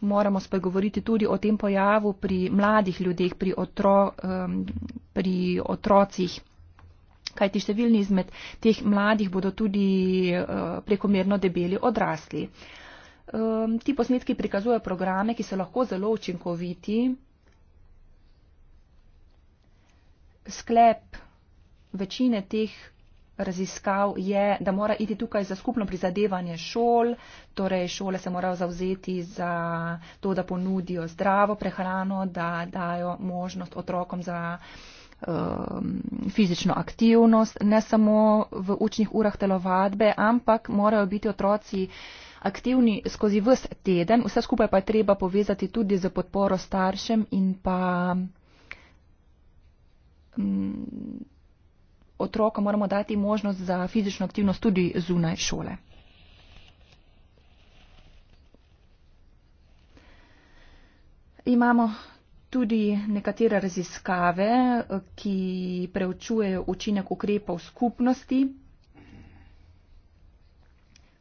moramo spregovoriti tudi o tem pojavu pri mladih ljudeh, pri, otro, pri otrocih. Kaj ti številni izmed teh mladih bodo tudi eh, prekomerno debeli odrasli. Um, ti posnetki prikazujejo programe, ki so lahko zelo učinkoviti. Sklep večine teh raziskav je, da mora iti tukaj za skupno prizadevanje šol, torej šole se morajo zavzeti za to, da ponudijo zdravo prehrano, da dajo možnost otrokom za um, fizično aktivnost, ne samo v učnih urah telovadbe, ampak morajo biti otroci uh, aktivni skozi vse teden, vse skupaj pa je treba povezati tudi z podporo staršem in pa mm, otroka moramo dati možnost za fizično aktivnost tudi zunaj šole. Imamo tudi nekatere raziskave, ki preučujejo učinek ukrepov skupnosti.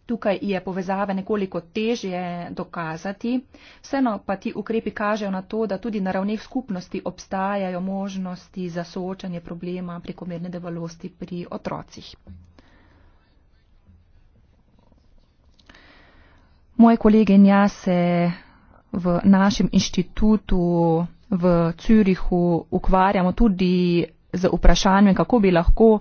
Tukaj je povezave nekoliko težje dokazati, vseeno pa ti ukrepi kažejo na to, da tudi na ravneh skupnosti obstajajo možnosti za soočanje problema prekomerne debelosti pri otrocih. Moje kolege in jaz se v našem inštitutu v Cürihu ukvarjamo tudi z vprašanjem, kako bi lahko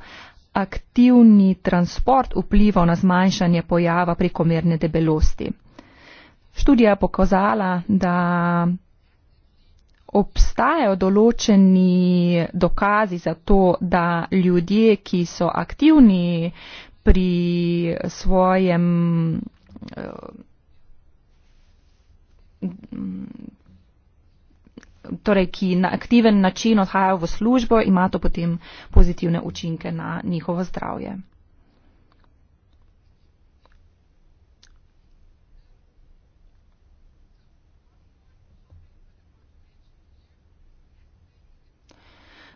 aktivni transport vplival na zmanjšanje pojava prekomerne debelosti. Študija je pokazala, da obstajajo določeni dokazi za to, da ljudje, ki so aktivni pri svojem eh, torej, ki na aktiven način odhajajo v službo, ima to potem pozitivne učinke na njihovo zdravje.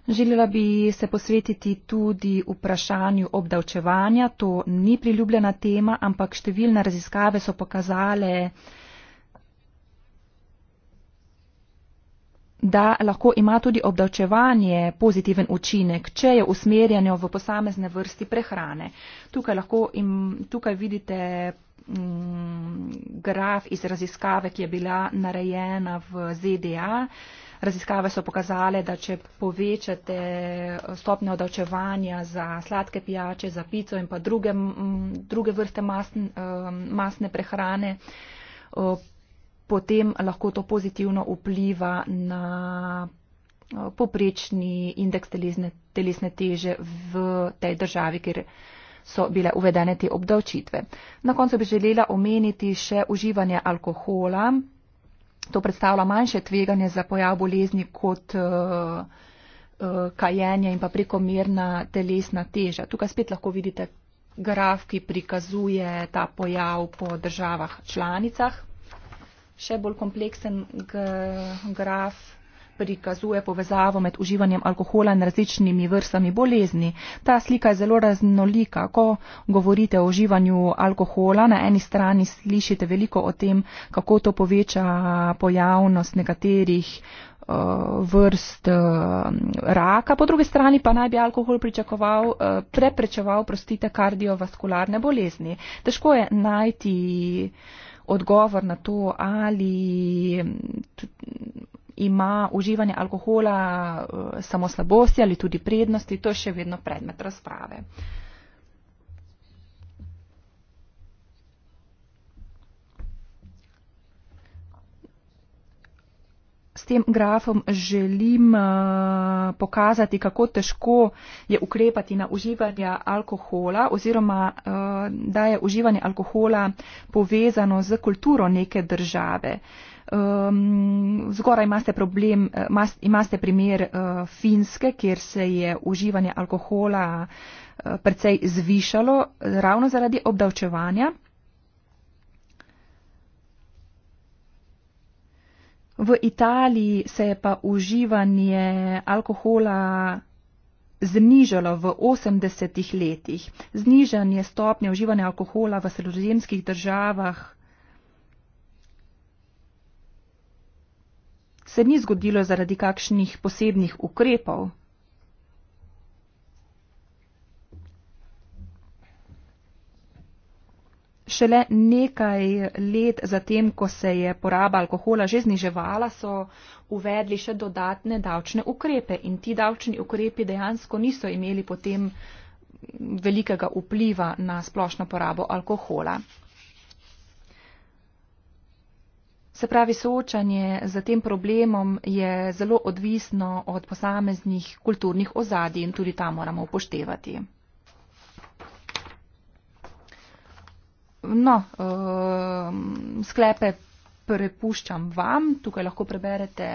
Želela bi se posvetiti tudi vprašanju obdavčevanja. To ni priljubljena tema, ampak številne raziskave so pokazale, da lahko ima tudi obdavčevanje pozitiven učinek, če je usmerjeno v posamezne vrsti prehrane. Tukaj, im, tukaj vidite mm, graf iz raziskave, ki je bila narejena v ZDA. Raziskave so pokazale, da če povečate eh, stopnjo odavčevanja za sladke pijače, za pico in pa druge, druge vrste masn, eh, masne prehrane, eh, potem lahko to pozitivno vpliva na eh, poprečni indeks telesne, telesne teže v tej državi, kjer so bile uvedene te obdavčitve. Na koncu bi želela omeniti še uživanje alkohola. To predstavlja manjše tveganje za pojav bolezni kot uh, uh, kajenje in pa prekomerna telesna teža. Tukaj spet lahko vidite graf, ki prikazuje ta pojav po državah članicah še bolj kompleksen graf prikazuje povezavo med uživanjem alkohola in različnimi vrstami bolezni. Ta slika je zelo raznolika. Ko govorite o uživanju alkohola, na eni strani slišite veliko o tem, kako to poveča pojavnost nekaterih eh, vrst eh, raka, po drugi strani pa naj bi alkohol pričakoval, eh, preprečeval, prostite, kardiovaskularne bolezni. Težko je najti odgovor na to, ali ima uživanje alkohola eh, samo slabosti ali tudi prednosti, to je še vedno predmet razprave. tem grafom želim eh, pokazati, kako težko je ukrepati na uživanje alkohola oziroma eh, da je uživanje alkohola povezano z kulturo neke države. Zgoraj imate, problem, eh, imate primer Finske, kjer se je uživanje alkohola precej zvišalo ravno zaradi obdavčevanja. V Italiji se je pa uživanje alkohola znižalo v 80-ih letih. Znižanje stopnje uživanja alkohola v sredozemskih državah se ni zgodilo zaradi kakšnih posebnih ukrepov. Šele nekaj let zatem, ko se je poraba alkohola že zniževala, so uvedli še dodatne davčne ukrepe in ti davčni ukrepi dejansko niso imeli potem velikega vpliva na splošno porabo alkohola. Se pravi, soočanje z tem problemom je zelo odvisno od posameznih kulturnih ozadij in tudi ta moramo upoštevati. No, ehm, sklepe prepuščam vam, tukaj lahko preberete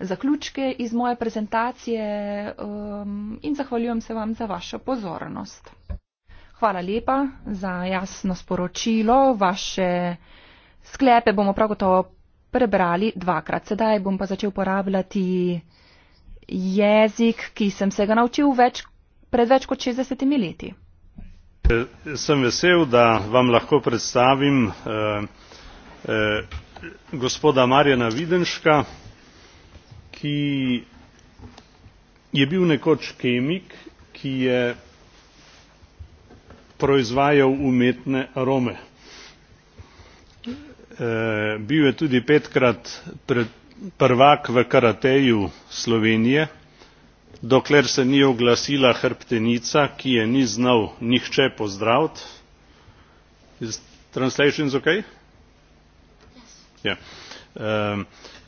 zaključke iz moje prezentacije ehm, in zahvaljujem se vam za vašo pozornost. Hvala lepa za jasno sporočilo. Vaše sklepe bomo prav gotovo prebrali dvakrat. Sedaj bom pa začel uporabljati jezik, ki sem se ga naučil več, pred več kot 60 leti. Eh, sem vesel da vam lahko predstavim eh, eh, gospoda marjana videnška ki je bil nekoč kemik ki je proizvajal umetne arome. bil je tudi petkrat prvak v karateju slovenije dokler se ni oglasila hrbtenica ki je ni znal nihče pozdraviti ja. ehm,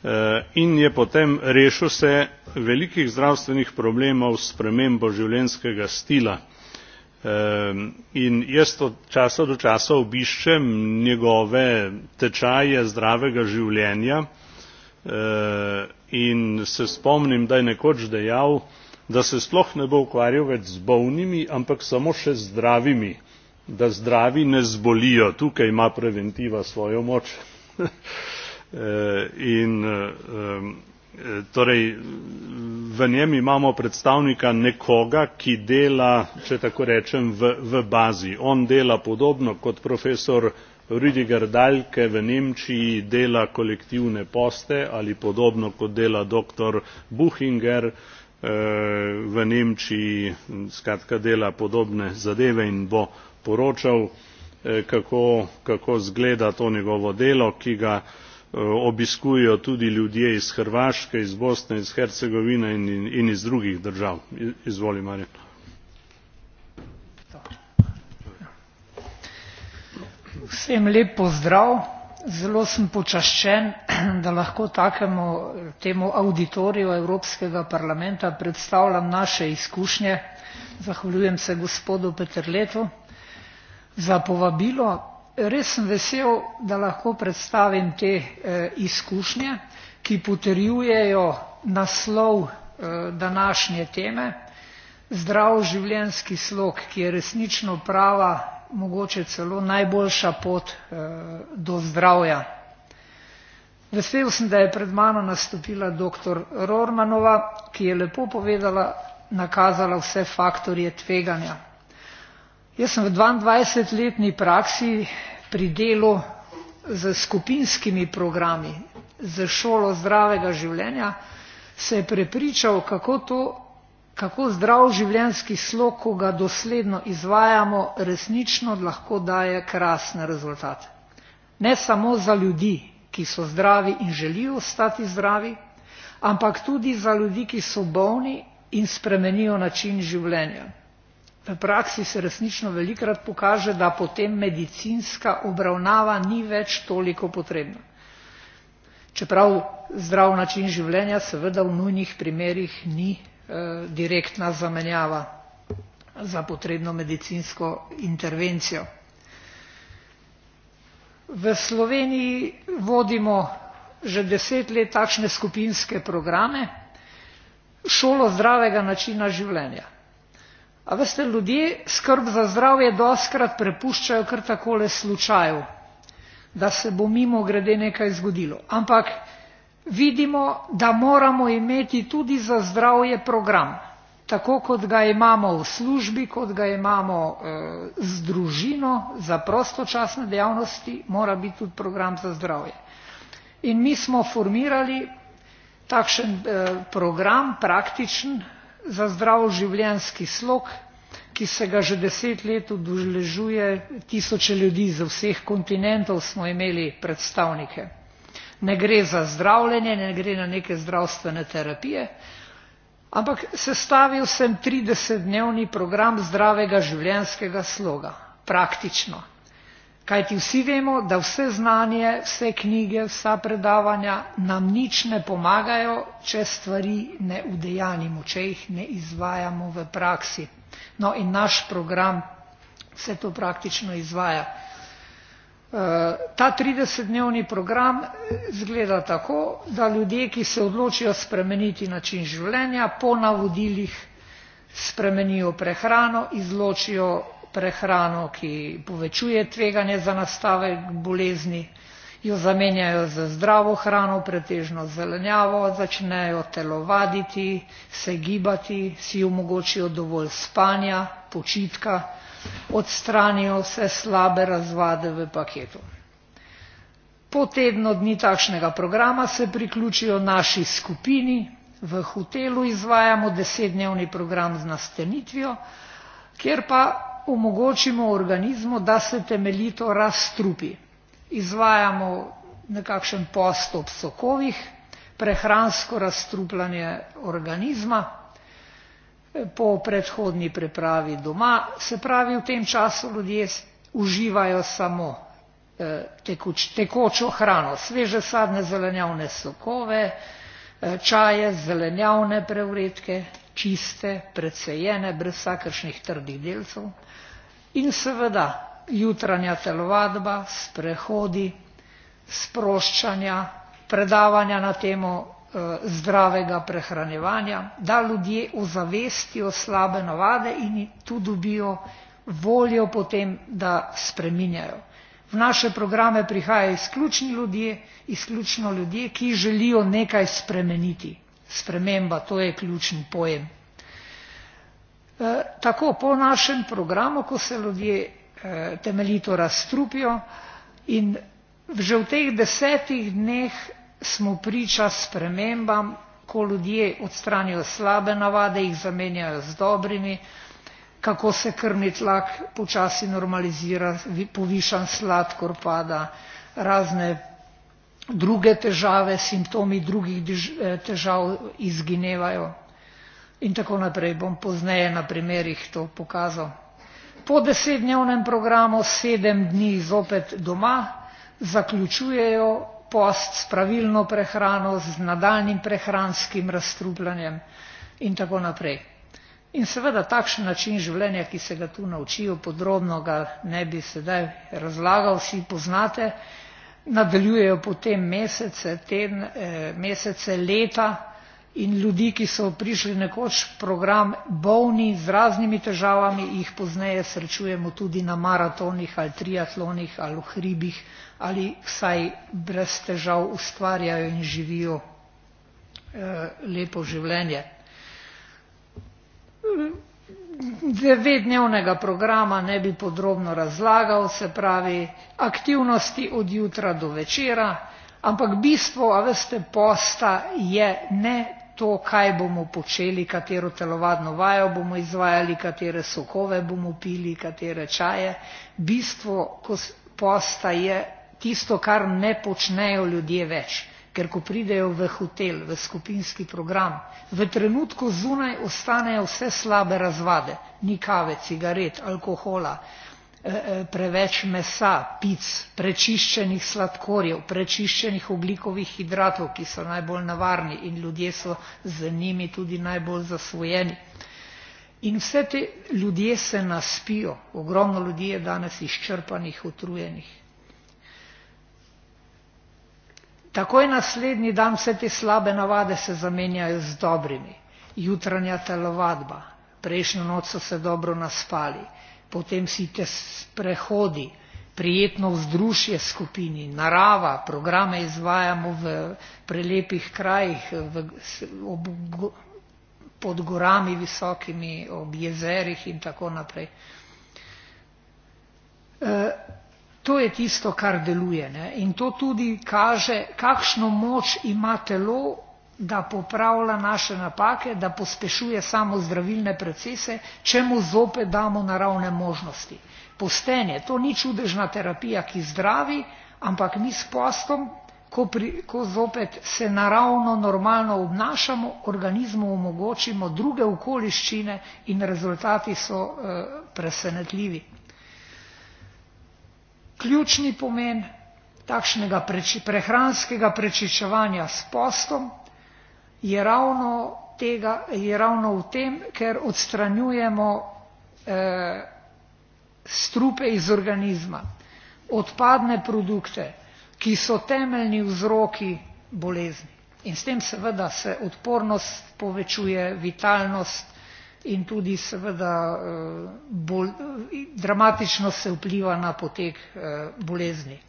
eh, in je potem rešil se velikih zdravstvenih problemov s spremembo življenjskega stila. Ehm, in jaz od časa do časa obiščem njegove tečaje zdravega življenja eh, in se spomnim da je nekoč dejal da se sploh ne bo ukvarjal več z bolnimi ampak samo še z zdravimi da zdravi ne zbolijo tukaj ima preventiva svojo moč (laughs) e, in e, e, torej v njem imamo predstavnika nekoga ki dela če tako rečem v, v bazi on dela podobno kot profesor Rüdiger Dalke v Nemčiji dela kolektivne poste ali podobno kot dela dr. Buchinger Eh, v nemčiji skratka dela podobne zadeve in bo poročal eh, kako izgleda to njegovo delo ki ga eh, obiskujejo tudi ljudje iz hrvaške iz bosne iz hercegovine in iz drugih držav. izvoli marjan. vsem lep pozdrav! zelo sem počaščen (clears throat) da lahko takemu temu auditoriju evropskega parlamenta predstavljam naše izkušnje zahvaljujem se gospodu peterletu za povabilo res sem vesel da lahko predstavim te eh, izkušnje ki potrjujejo naslov eh, današnje teme zdrav življenjski slog ki je resnično prava mogoče celo najboljša pot eh, do zdravja. Vesel sem, da je pred mano nastopila dr. Rormanova, ki je lepo povedala, nakazala vse faktorje tveganja. Jaz sem v 22-letni praksi pri delu z skupinskimi programi, z šolo zdravega življenja, se je prepričal, kako to kako zdrav življenjski slog, ko ga dosledno izvajamo, resnično lahko daje krasne rezultate. Ne samo za ljudi, ki so zdravi in želijo ostati zdravi, ampak tudi za ljudi, ki so bolni in spremenijo način življenja. V praksi se resnično velikrat pokaže, da potem medicinska obravnava ni več toliko potrebna. Čeprav zdrav način življenja seveda v nujnih primerjih ni Eh, direktna zamenjava za potrebno medicinsko intervencijo. V Sloveniji vodimo že deset let takšne skupinske programe, šolo zdravega načina življenja. A veste, ljudje skrb za zdravje doskrat prepuščajo kar takole slučaju, da se bo mimo grede nekaj zgodilo. Ampak vidimo, da moramo imeti tudi za zdravje program, tako kot ga imamo v službi, kot ga imamo eh, z družino, za prostočasne dejavnosti mora biti tudi program za zdravje. In mi smo formirali takšen eh, program, praktičen, za zdrav življenjski slog, ki se ga že deset let udeležuje tisoče ljudi z vseh kontinentov smo imeli predstavnike ne gre za zdravljenje, ne gre na neke zdravstvene terapije, ampak sestavil sem 30-dnevni program zdravega življenjskega sloga, praktično. Kaj ti vsi vemo, da vse znanje, vse knjige, vsa predavanja nam nič ne pomagajo, če stvari ne udejanimo, če jih ne izvajamo v praksi. No in naš program vse to praktično izvaja. Eh, ta 30-dnevni program eh, zgleda tako, da ljudje, ki se odločijo spremeniti način življenja, po navodilih spremenijo prehrano, izločijo prehrano, ki povečuje tveganje za nastavek bolezni, jo zamenjajo za zdravo hrano, pretežno zelenjavo, začnejo telovaditi, se gibati, si omogočijo dovolj spanja, počitka, odstranijo vse slabe razvade v paketu. Po tednu dni takšnega programa se priključijo naši skupini, v hotelu izvajamo desetdnevni program z nastanitvijo, kjer pa omogočimo organizmu, da se temeljito razstrupi. Izvajamo nekakšen post ob sokovih, prehransko razstrupljanje organizma, po predhodni prepravi doma. Se pravi, v tem času ljudje uživajo samo eh, tekoč, tekočo hrano, sveže sadne zelenjavne sokove, eh, čaje, zelenjavne preuredke, čiste, precejene, brez vsakršnih trdih delcev in seveda jutranja telovadba, sprehodi, sproščanja, predavanja na temo Eh, zdravega prehranjevanja, da ljudje ozavestijo slabe navade in tu dobijo voljo potem, da spreminjajo. V naše programe prihajajo izključni ljudje, izključno ljudje, ki želijo nekaj spremeniti. Sprememba, to je ključen pojem. E, tako po našem programu, ko se ljudje e, temeljito razstrupijo in že v teh desetih dneh smo priča spremembam, ko ljudje odstranijo slabe navade, jih zamenjajo z dobrimi, kako se krvni tlak počasi normalizira, povišan sladkor pada, razne druge težave, simptomi drugih eh, težav izginevajo in tako naprej. Bom pozneje na primerih to pokazal. Po desetdnevnem programu sedem dni zopet doma zaključujejo post s pravilno prehrano, z nadaljnim prehranskim razstrupljanjem in tako naprej. In seveda takšen način življenja, ki se ga tu naučijo, podrobno ga ne bi sedaj razlagal, vsi poznate, nadaljujejo potem mesece, ten, eh, mesece leta in ljudi, ki so prišli nekoč program bolni z raznimi težavami, jih pozneje srečujemo tudi na maratonih ali triatlonih ali v hribih ali vsaj brez težav ustvarjajo in živijo eh, lepo življenje. Devetdnevnega programa ne bi podrobno razlagal, se pravi aktivnosti od jutra do večera, ampak bistvo, a veste, posta je ne to, kaj bomo počeli, katero telovadno vajo bomo izvajali, katere sokove bomo pili, katere čaje. Bistvo posta je tisto, kar ne počnejo ljudje več, ker ko pridejo v hotel, v skupinski program, v trenutku zunaj ostanejo vse slabe razvade, nikave, cigaret, alkohola, e, e, preveč mesa, pic, prečiščenih sladkorjev, prečiščenih oglikovih hidratov, ki so najbolj navarni in ljudje so z njimi tudi najbolj zasvojeni. In vse te ljudje se naspijo, ogromno ljudi je danes izčrpanih, utrujenih. Takoj naslednji dan vse te slabe navade se zamenjajo z dobrimi. Jutranja telovadba, prejšnjo noč so se dobro naspali, potem si te sprehodi, prijetno vzdušje skupini, narava, programe izvajamo v prelepih krajih, v, ob, pod gorami visokimi, ob jezerih in tako naprej. E, to je tisto, kar deluje. Ne? In to tudi kaže, kakšno moč ima telo, da popravlja naše napake, da pospešuje samo zdravilne procese, če mu zopet damo naravne možnosti. Postenje, to ni čudežna terapija, ki zdravi, ampak mi s postom, ko, pri, ko zopet se naravno, normalno obnašamo, organizmu omogočimo druge okoliščine in rezultati so eh, presenetljivi ključni pomen takšnega prehranskega prečičevanja s postom je ravno, tega, je ravno v tem, ker odstranjujemo eh, strupe iz organizma, odpadne produkte, ki so temeljni vzroki bolezni. In s tem seveda se odpornost povečuje, vitalnost, in tudi seveda eh, bolj, dramatično se vpliva na potek eh, bolezni.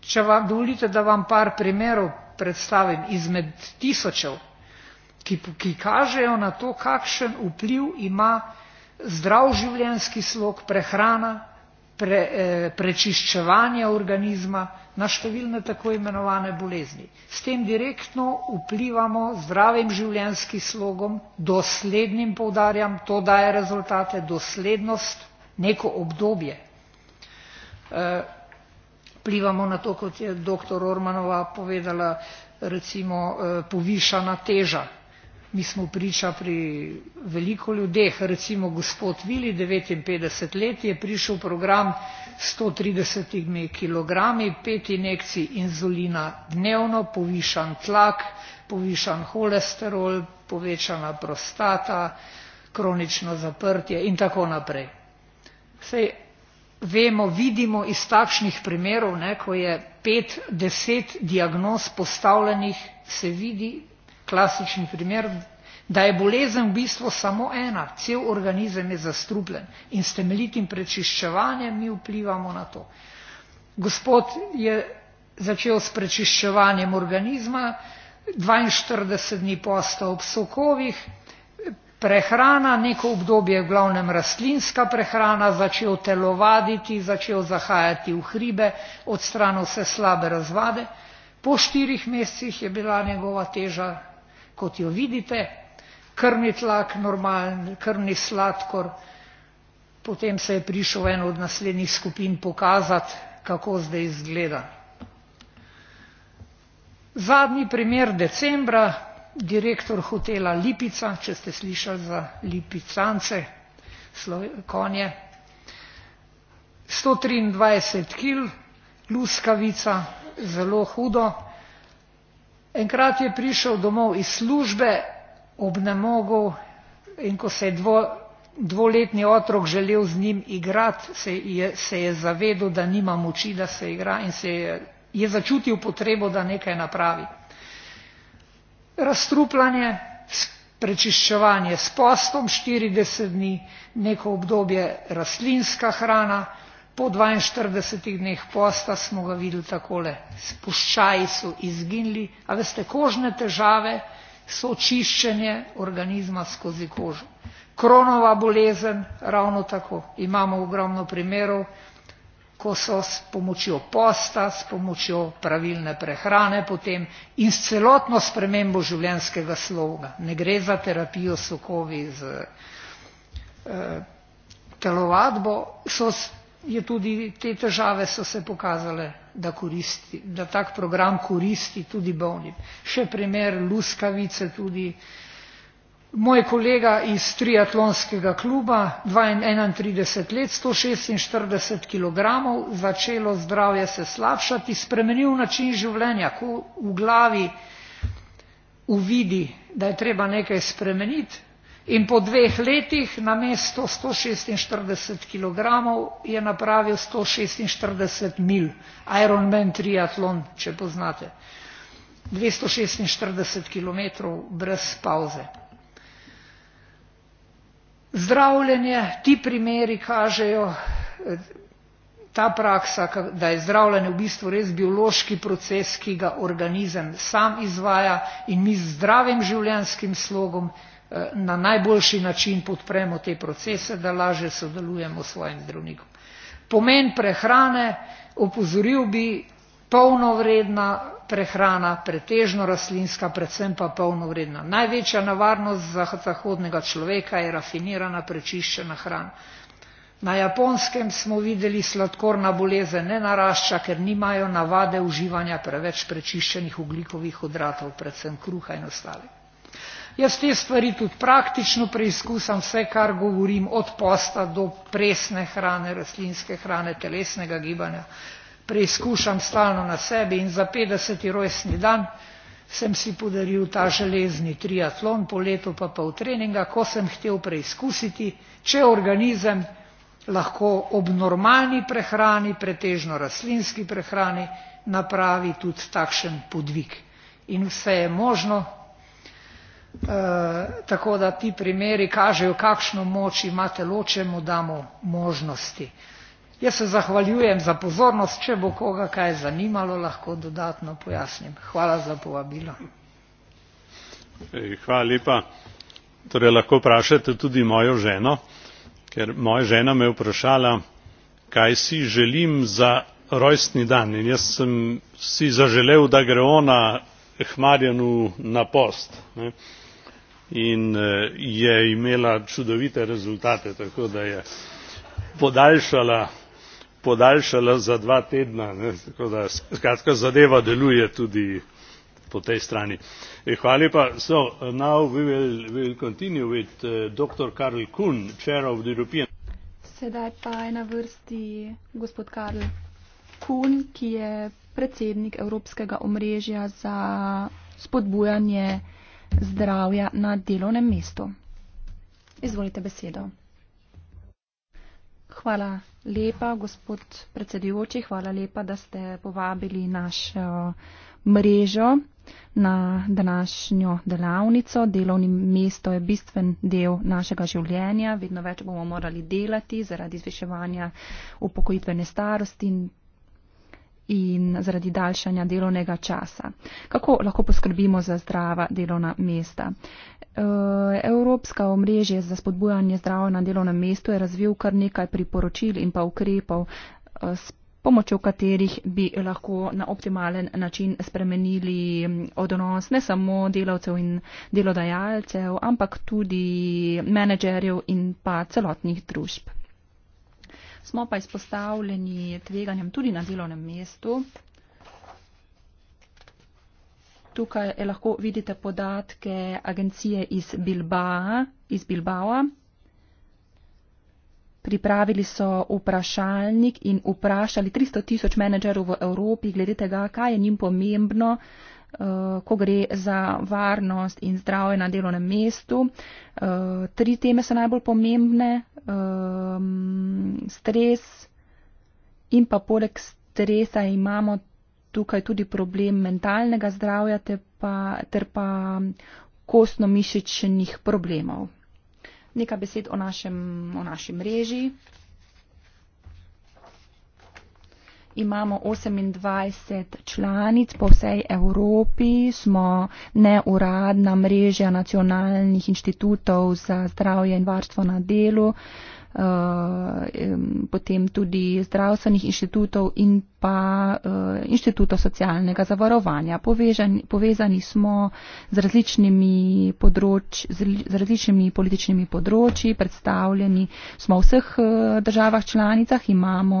Če vam dovolite, da vam par primerov predstavim izmed tisočev, ki, ki kažejo na to, kakšen vpliv ima zdrav življenjski slog, prehrana, pre, eh, prečiščevanja organizma na številne tako imenovane bolezni. S tem direktno vplivamo zdravim življenjskim slogom, doslednim poudarjam, to daje rezultate, doslednost, neko obdobje. Eh, vplivamo na to, kot je dr. Ormanova povedala, recimo eh, povišana teža mi smo priča pri veliko ljudeh, recimo gospod Vili, 59 let, je prišel program 130 kg, pet injekcij inzulina dnevno, povišan tlak, povišan holesterol, povečana prostata, kronično zaprtje in tako naprej. Sej vemo, vidimo iz takšnih primerov, ne, ko je pet, deset diagnoz postavljenih, se vidi, klasični primer, da je bolezen v bistvu samo ena, cel organizem je zastrupljen in s temeljitim prečiščevanjem mi vplivamo na to. Gospod je začel s prečiščevanjem organizma, 42 dni posta ob sokovih, prehrana, neko obdobje je v glavnem rastlinska prehrana, začel telovaditi, začel zahajati v hribe, odstranil vse slabe razvade. Po štirih mesecih je bila njegova teža kot jo vidite, krvni tlak normalen, krvni sladkor, potem se je prišel en od naslednjih skupin pokazati, kako zdaj izgleda. Zadnji primer decembra, direktor hotela Lipica, če ste slišali za Lipicance, konje, 123 kil, luskavica, zelo hudo, Enkrat je prišel domov iz službe, obnemogel in ko se je dvo, dvoletni otrok želel z njim igrati, se je, se je zavedel, da nima moči, da se igra in se je, je začutil potrebo, da nekaj napravi. Razstrupljanje, prečiščevanje s postom 40 dni, neko obdobje rastlinska hrana, Po 42 dneh posta smo ga videli takole, spuščaji so izginili, a veste, kožne težave so očiščenje organizma skozi kožo. Kronova bolezen, ravno tako, imamo ogromno primerov, ko so s pomočjo posta, s pomočjo pravilne prehrane potem in s celotno spremembo življenjskega sloga. Ne gre za terapijo sokovi z eh, telovadbo, so je tudi te težave so se pokazale, da koristi, da tak program koristi tudi bolnim. Še primer luskavice tudi. Moj kolega iz triatlonskega kluba, 31 let, 146 kg, začelo zdravje se slabšati, spremenil način življenja, ko v glavi uvidi, da je treba nekaj spremeniti, in po dveh letih namesto 146 kg je napravil 146 mil. Ironman triatlon, če poznate. 246 km brez pauze. Zdravljenje, ti primeri kažejo, eh, ta praksa, da je zdravljenje v bistvu res biološki proces, ki ga organizem sam izvaja in mi z zdravim življenjskim slogom Eh, na najboljši način podpremo te procese, da lažje sodelujemo s svojim zdravnikom. Pomen prehrane, opozoril bi, polnovredna prehrana, pretežno rastlinska, predvsem pa polnovredna. Največja nevarnost za zahodnega človeka je rafinirana, prečiščena hrana. Na japonskem smo videli sladkorna bolezen ne narašča, ker nimajo navade uživanja preveč prečiščenih oglikovih hidratov, predvsem kruha in ostalih. Jaz te stvari tudi praktično preizkusam, vse kar govorim, od posta do presne hrane, rastlinske hrane, telesnega gibanja, preizkušam stalno na sebi in za 50. rojstni dan sem si podaril ta železni triatlon, po letu pa pol treninga, ko sem htel preizkusiti, če organizem lahko ob normalni prehrani, pretežno rastlinski prehrani, napravi tudi takšen podvig. In vse je možno, Eh, tako da ti primeri kažejo, kakšno moč imate, ločemo damo možnosti. Jaz se zahvaljujem za pozornost, če bo koga kaj zanimalo, lahko dodatno pojasnim. Hvala za povabilo. Ej, hvala lepa. Torej, lahko vprašate tudi mojo ženo, ker moja žena me je vprašala, kaj si želim za rojstni dan. In jaz sem si zaželel, da gre ona hmarjenu na post. Ne in eh, je imela čudovite rezultate tako da je podaljšala podaljšala za dva tedna ne, tako da skratka zadeva deluje tudi po tej strani. E, hvala lepa. So, eh, now we will, we will continue with uh, Dr. Karl Kuhn, chair of the European. Sedaj pa je na vrsti gospod Karl Kuhn, ki je predsednik Evropskega omrežja za spodbujanje uh, zdravja na delovnem mestu. Izvolite besedo. Hvala lepa, gospod predsedujoči. Hvala lepa, da ste povabili našo mrežo na današnjo delavnico. Delovni mesto je bistven del našega življenja. Vedno več bomo morali delati zaradi zviševanja upokojitvene starosti in in zaradi daljšanja delovnega časa. Kako lahko poskrbimo za zdrava delovna mesta? E, evropska omrežje za spodbujanje zdravja na delovnem mestu je razvil kar nekaj priporočil in pa ukrepov, e, s pomočjo katerih bi lahko na optimalen način spremenili odnos ne samo delavcev in delodajalcev, ampak tudi menedžerjev in pa celotnih družb smo pa izpostavljeni tveganjem tudi na delovnem mestu. Tukaj eh, lahko vidite podatke agencije iz Bilbao. Iz Bilbao. Pripravili so vprašalnik in vprašali 300 tisoč menedžerov v Evropi glede tega, kaj je njim pomembno Eh, ko gre za varnost in zdravje na delovnem mestu. Eh, tri teme so najbolj pomembne. Eh, stres in pa poleg stresa imamo tukaj tudi problem mentalnega zdravja ter pa, ter pa kostno-mišičnih problemov. Nekaj besed o, našem, o naši mreži. imamo 28 članic po vsej Evropi, smo neuradna mreža nacionalnih inštitutov za zdravje in varstvo na delu. Eh, potem tudi zdravstvenih inštitutov in pa eh, inštituto socialnega zavarovanja. Povežani, povezani smo z različnimi, področ, z različnimi političnimi področji, predstavljeni smo v vseh eh, državah članicah, imamo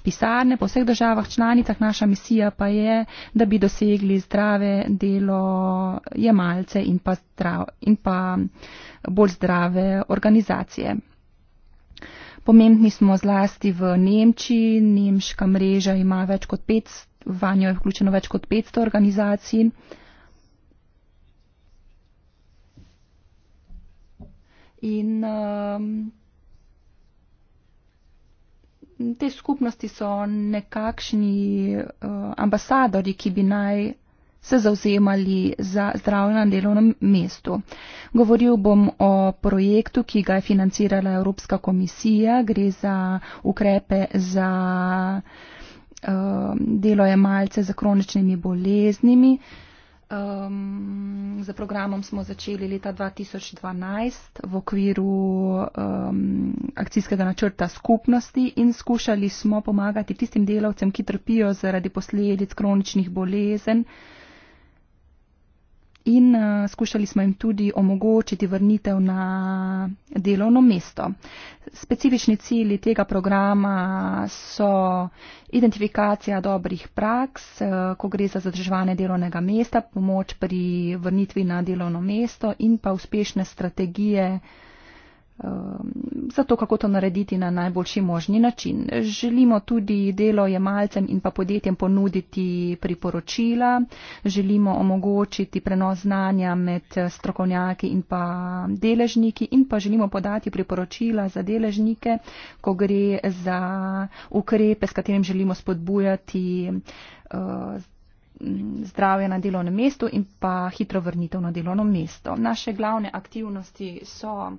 pisarne po vseh državah članicah, naša misija pa je, da bi dosegli zdrave delo jemalce in pa, zdrav, in pa bolj zdrave organizacije. Pomembni smo zlasti v Nemčiji. Nemška mreža ima več kot 500, vanjo je vključeno več kot 500 organizacij. In um, te skupnosti so nekakšni uh, ambasadori, ki bi naj se zauzemali za zdravje na delovnem mestu. Govoril bom o projektu, ki ga je financirala Evropska komisija. Gre za ukrepe za um, delo je malce za kroničnimi boleznimi. Um, za programom smo začeli leta 2012 v okviru um, akcijskega načrta skupnosti in skušali smo pomagati tistim delavcem, ki trpijo zaradi posledic kroničnih bolezen in uh, skušali smo jim tudi omogočiti vrnitev na delovno mesto. Specifični cilji tega programa so identifikacija dobrih praks, uh, ko gre za zadrževanje delovnega mesta, pomoč pri vrnitvi na delovno mesto in pa uspešne strategije uh, Ehm, za to, kako to narediti na najboljši možni način. Želimo tudi delojemalcem in pa podjetjem ponuditi priporočila, želimo omogočiti prenos znanja med eh, strokovnjaki in pa deležniki in pa želimo podati priporočila za deležnike, ko gre za ukrepe, s katerim želimo spodbujati eh, zdravje na delovnem mestu in pa hitro vrnitev na delovno mesto. Naše glavne aktivnosti so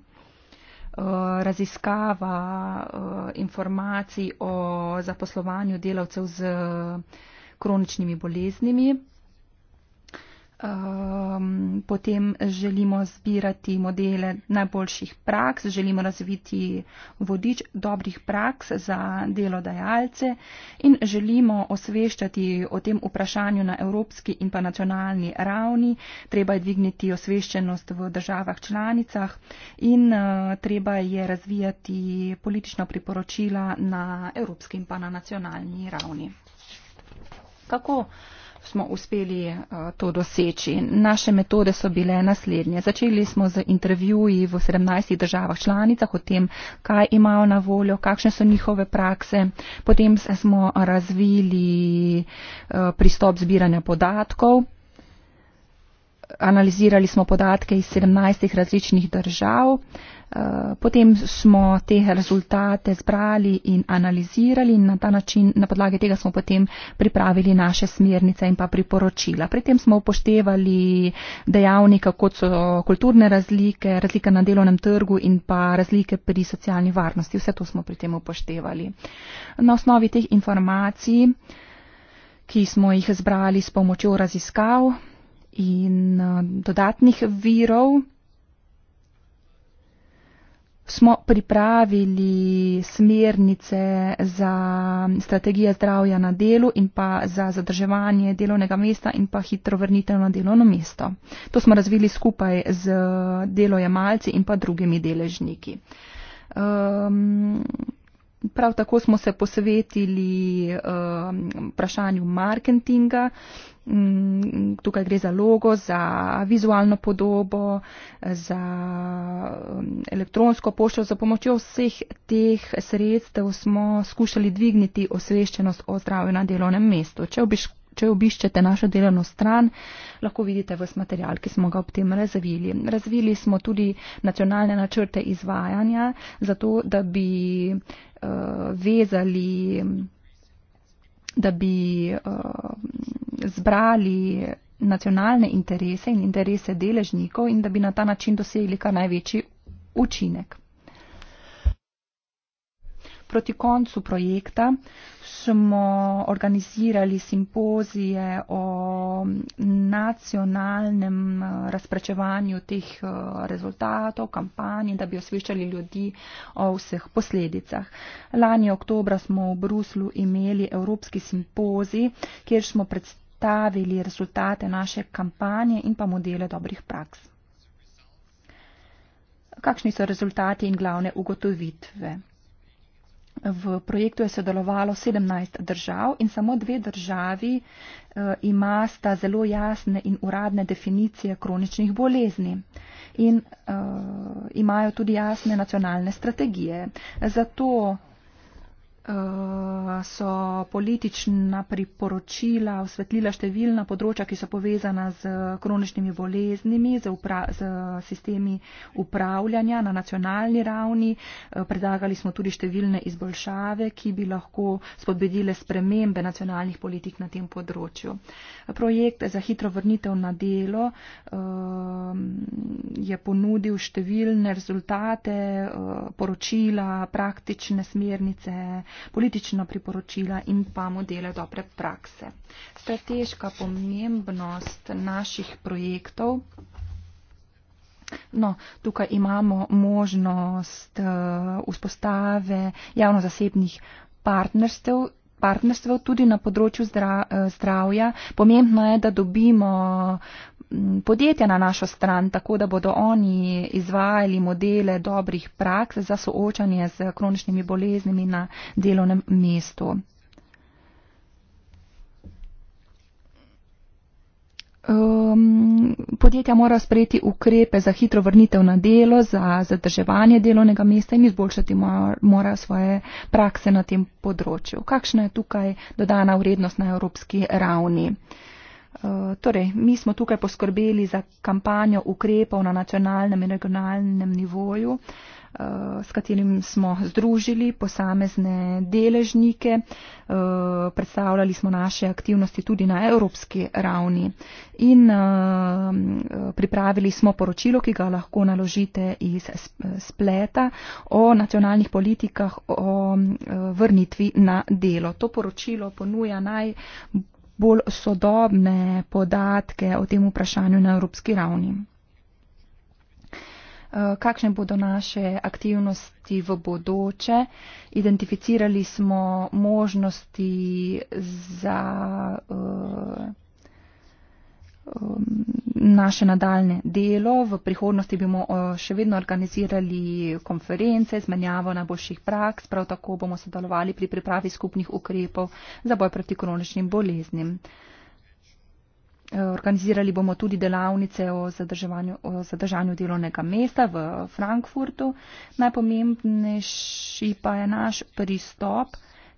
Eh, raziskava eh, informacij o zaposlovanju delavcev z eh, kroničnimi boleznimi um, potem želimo zbirati modele najboljših praks, želimo razviti vodič dobrih praks za delodajalce in želimo osveščati o tem vprašanju na evropski in pa nacionalni ravni. Treba je dvigniti osveščenost v državah članicah in uh, treba je razvijati politična priporočila na evropski in pa na nacionalni ravni. Kako? smo uspeli eh, to doseči. Naše metode so bile naslednje. Začeli smo z intervjuji v 17 državah članicah o tem, kaj imajo na voljo, kakšne so njihove prakse. Potem smo razvili eh, pristop zbiranja podatkov analizirali smo podatke iz 17 različnih držav, eh, potem smo te rezultate zbrali in analizirali in na ta način, na podlage tega smo potem pripravili naše smernice in pa priporočila. Pri tem smo upoštevali dejavnike, kot so kulturne razlike, razlika na delovnem trgu in pa razlike pri socialni varnosti. Vse to smo pri tem upoštevali. Na osnovi teh informacij ki smo jih zbrali s pomočjo raziskav, in eh, dodatnih virov smo pripravili smernice za strategije zdravja na delu in pa za zadrževanje delovnega mesta in pa hitro vrnitev na delovno mesto. To smo razvili skupaj z delojemalci in pa drugimi deležniki. Um, Prav tako smo se posvetili um, vprašanju marketinga. Mm, tukaj gre za logo, za vizualno podobo, za um, elektronsko pošto. Za pomočjo vseh teh sredstev smo skušali dvigniti osveščenost o zdravju na delovnem mestu. Če obiš Če obiščete našo delovno stran, lahko vidite vs material, ki smo ga ob tem razvili. Razvili smo tudi nacionalne načrte izvajanja, zato da bi uh, vezali da bi uh, zbrali nacionalne interese in interese deležnikov in da bi na ta način dosegli kar največji učinek. Proti koncu projekta smo organizirali simpozije o nacionalnem eh, razprečevanju teh eh, rezultatov, kampanji, da bi osveščali ljudi o vseh posledicah. Lani oktobra smo v Bruslu imeli Evropski simpozij, kjer smo predstavili rezultate naše kampanje in pa modele dobrih praks. Kakšni so rezultati in glavne ugotovitve? v projektu je sodelovalo 17 držav in samo dve državi eh, ima sta zelo jasne in uradne definicije kroničnih bolezni in uh, imajo tudi jasne nacionalne strategije. Zato Eh, so politična priporočila osvetlila številna področja, ki so povezana z eh, kroničnimi boleznimi, z, z sistemi upravljanja na nacionalni ravni. Eh, predlagali smo tudi številne izboljšave, ki bi lahko spodbedile spremembe nacionalnih politik na tem področju. Projekt za hitro vrnitev na delo je ponudil številne rezultate, poročila, praktične smernice, politična priporočila in pa modele dobre prakse. Strateška pomembnost naših projektov. No, tukaj imamo možnost uh, vzpostave javno-zasebnih partnerstev. Partnerstvo tudi na področju zdra, eh, zdravja. Pomembno je, da dobimo podjetja na našo stran, tako da bodo oni izvajali modele dobrih praks za soočanje z kroničnimi boleznimi na delovnem mestu. Um, podjetja morajo sprejeti ukrepe za hitro vrnitev na delo, za zadrževanje delovnega mesta in izboljšati morajo mora svoje prakse na tem področju. Kakšna je tukaj dodana vrednost na evropski ravni? Uh, Eh, torej, mi smo tukaj poskrbeli za kampanjo ukrepov na nacionalnem in regionalnem nivoju, eh, s katerim smo združili posamezne deležnike, eh, predstavljali smo naše aktivnosti tudi na evropski ravni in pripravili smo poročilo, ki ga lahko naložite iz spleta o nacionalnih politikah o vrnitvi na delo. To poročilo ponuja najbolj bolj sodobne podatke o tem vprašanju na evropski ravni. Eh, kakšne bodo naše aktivnosti v bodoče? Identificirali smo možnosti za. Uh, Um, naše nadaljne delo. V prihodnosti bomo uh, še vedno organizirali konference, izmenjavo najboljših praks, prav tako bomo sodelovali pri pripravi skupnih ukrepov za boj proti kroničnim boleznim. Organizirali bomo tudi delavnice o zadržanju, o zadržanju delovnega mesta v Frankfurtu. Najpomembnejši pa je naš pristop,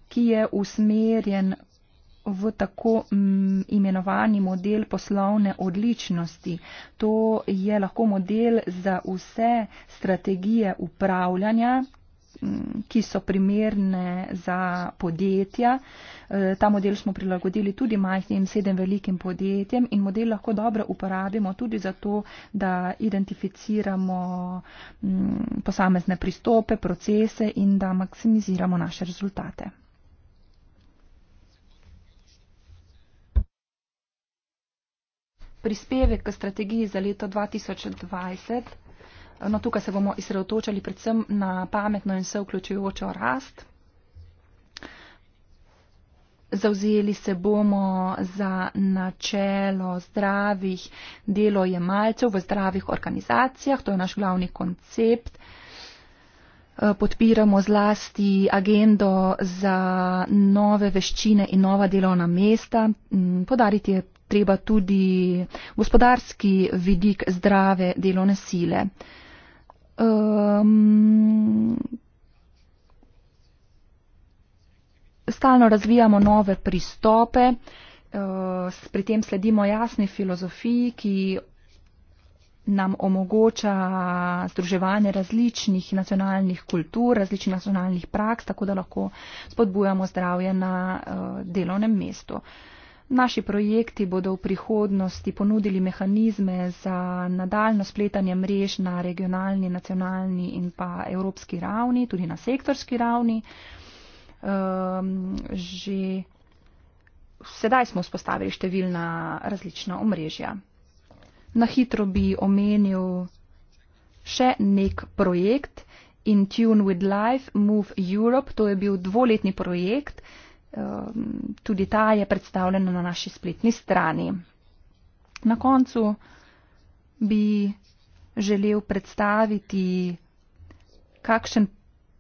ki je usmerjen v tako mm, imenovani model poslovne odličnosti. To je lahko model za vse strategije upravljanja mm, ki so primerne za podjetja. E, ta model smo prilagodili tudi majhnim sedem velikim podjetjem in model lahko dobro uporabimo tudi zato, da identificiramo mm, posamezne pristope, procese in da maksimiziramo naše rezultate. prispevek k strategiji za leto 2020. No, tukaj se bomo izredotočali predvsem na pametno in vseuključujočo rast. Zauzeli se bomo za načelo zdravih delojemalcev v zdravih organizacijah, to je naš glavni koncept. Eh, podpiramo zlasti agendo za nove veščine in nova delovna mesta. Mm, podariti je treba tudi gospodarski vidik zdrave delovne sile. Um, stalno razvijamo nove pristope, uh, pri tem sledimo jasni filozofiji, ki nam omogoča združevanje različnih nacionalnih kultur, različnih nacionalnih praks, tako da lahko spodbujamo zdravje na uh, delovnem mestu. Uh, Naši projekti bodo v prihodnosti ponudili mehanizme za nadaljno spletanje mrež na regionalni, nacionalni in pa evropski ravni, tudi na sektorski ravni. Um, že sedaj smo spostavili številna različna omrežja. Na hitro bi omenil še nek projekt In Tune with Life, Move Europe. To je bil dvoletni projekt, uh, Ehm, tudi ta je predstavljena na naši spletni strani. Na koncu bi želel predstaviti, kakšen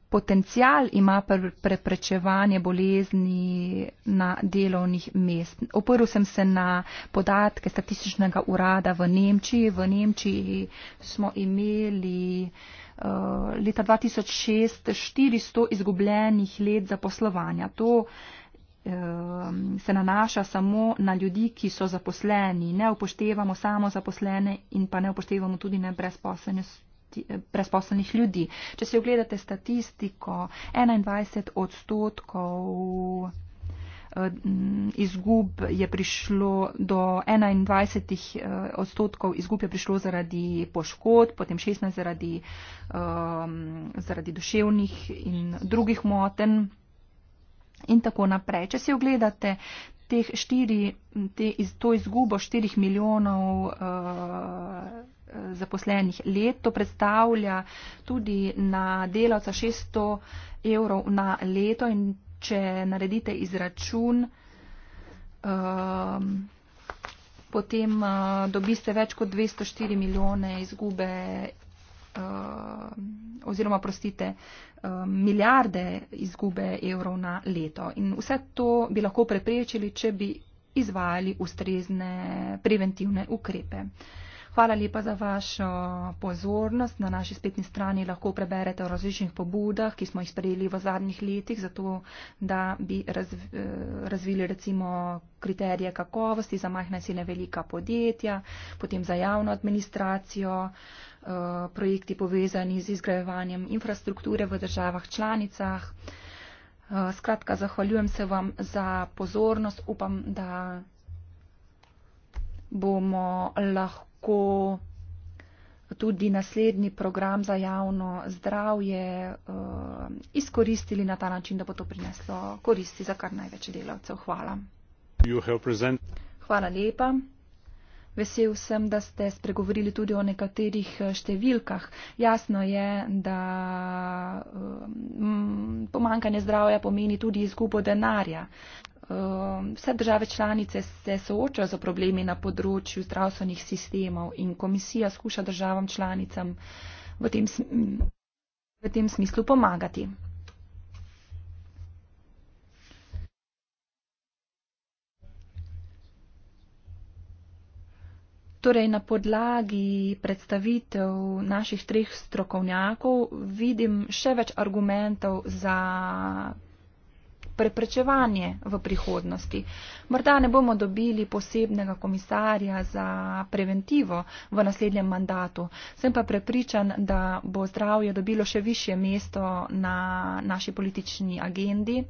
potencial ima preprečevanje bolezni na delovnih mest. Oprl sem se na podatke statističnega urada v Nemčiji. V Nemčiji smo imeli uh, leta 2006 400 izgubljenih let zaposlovanja. To uh, Ehm, se nanaša samo na ljudi, ki so zaposleni. Ne upoštevamo samo zaposlene in pa ne upoštevamo tudi ne eh, brezposlenih ljudi. Če si ogledate statistiko, 21 odstotkov eh, mm, izgub je prišlo do 21 eh, odstotkov izgub je prišlo zaradi poškod, potem 16 zaradi, um, zaradi duševnih in drugih moten in tako naprej. Če si ogledate teh štiri, te, to izgubo štirih milijonov uh, zaposlenih let, to predstavlja tudi na delavca 600 evrov na leto in če naredite izračun, uh, potem uh, eh, dobiste več kot 204 milijone izgube Eh, oziroma, prostite, eh, milijarde izgube evrov na leto. In vse to bi lahko preprečili, če bi izvajali ustrezne preventivne ukrepe. Hvala lepa za vašo pozornost. Na naši spletni strani lahko preberete o različnih pobudah, ki smo jih sprejeli v zadnjih letih, zato da bi razv eh, razvili recimo kriterije kakovosti za majhna in sine velika podjetja, potem za javno administracijo. Uh, Eh, projekti povezani z izgrajevanjem infrastrukture v državah članicah. Eh, skratka, zahvaljujem se vam za pozornost. Upam, da bomo lahko tudi naslednji program za javno zdravje eh, izkoristili na ta način, da bo to prineslo koristi za kar največ delavcev. Hvala. Hvala lepa. Vesel sem, da ste spregovorili tudi o nekaterih eh, številkah. Jasno je, da eh, pomankanje zdravja pomeni tudi izgubo denarja. Eh, vse države članice se soočajo z problemi na področju zdravstvenih sistemov in komisija skuša državam članicam v tem, sm v tem smislu pomagati. Torej, na podlagi predstavitev naših treh strokovnjakov vidim še več argumentov za preprečevanje v prihodnosti. Morda ne bomo dobili posebnega komisarja za preventivo v naslednjem mandatu, sem pa prepričan, da bo zdravje dobilo še više mesto na naši politični agendi. Eh,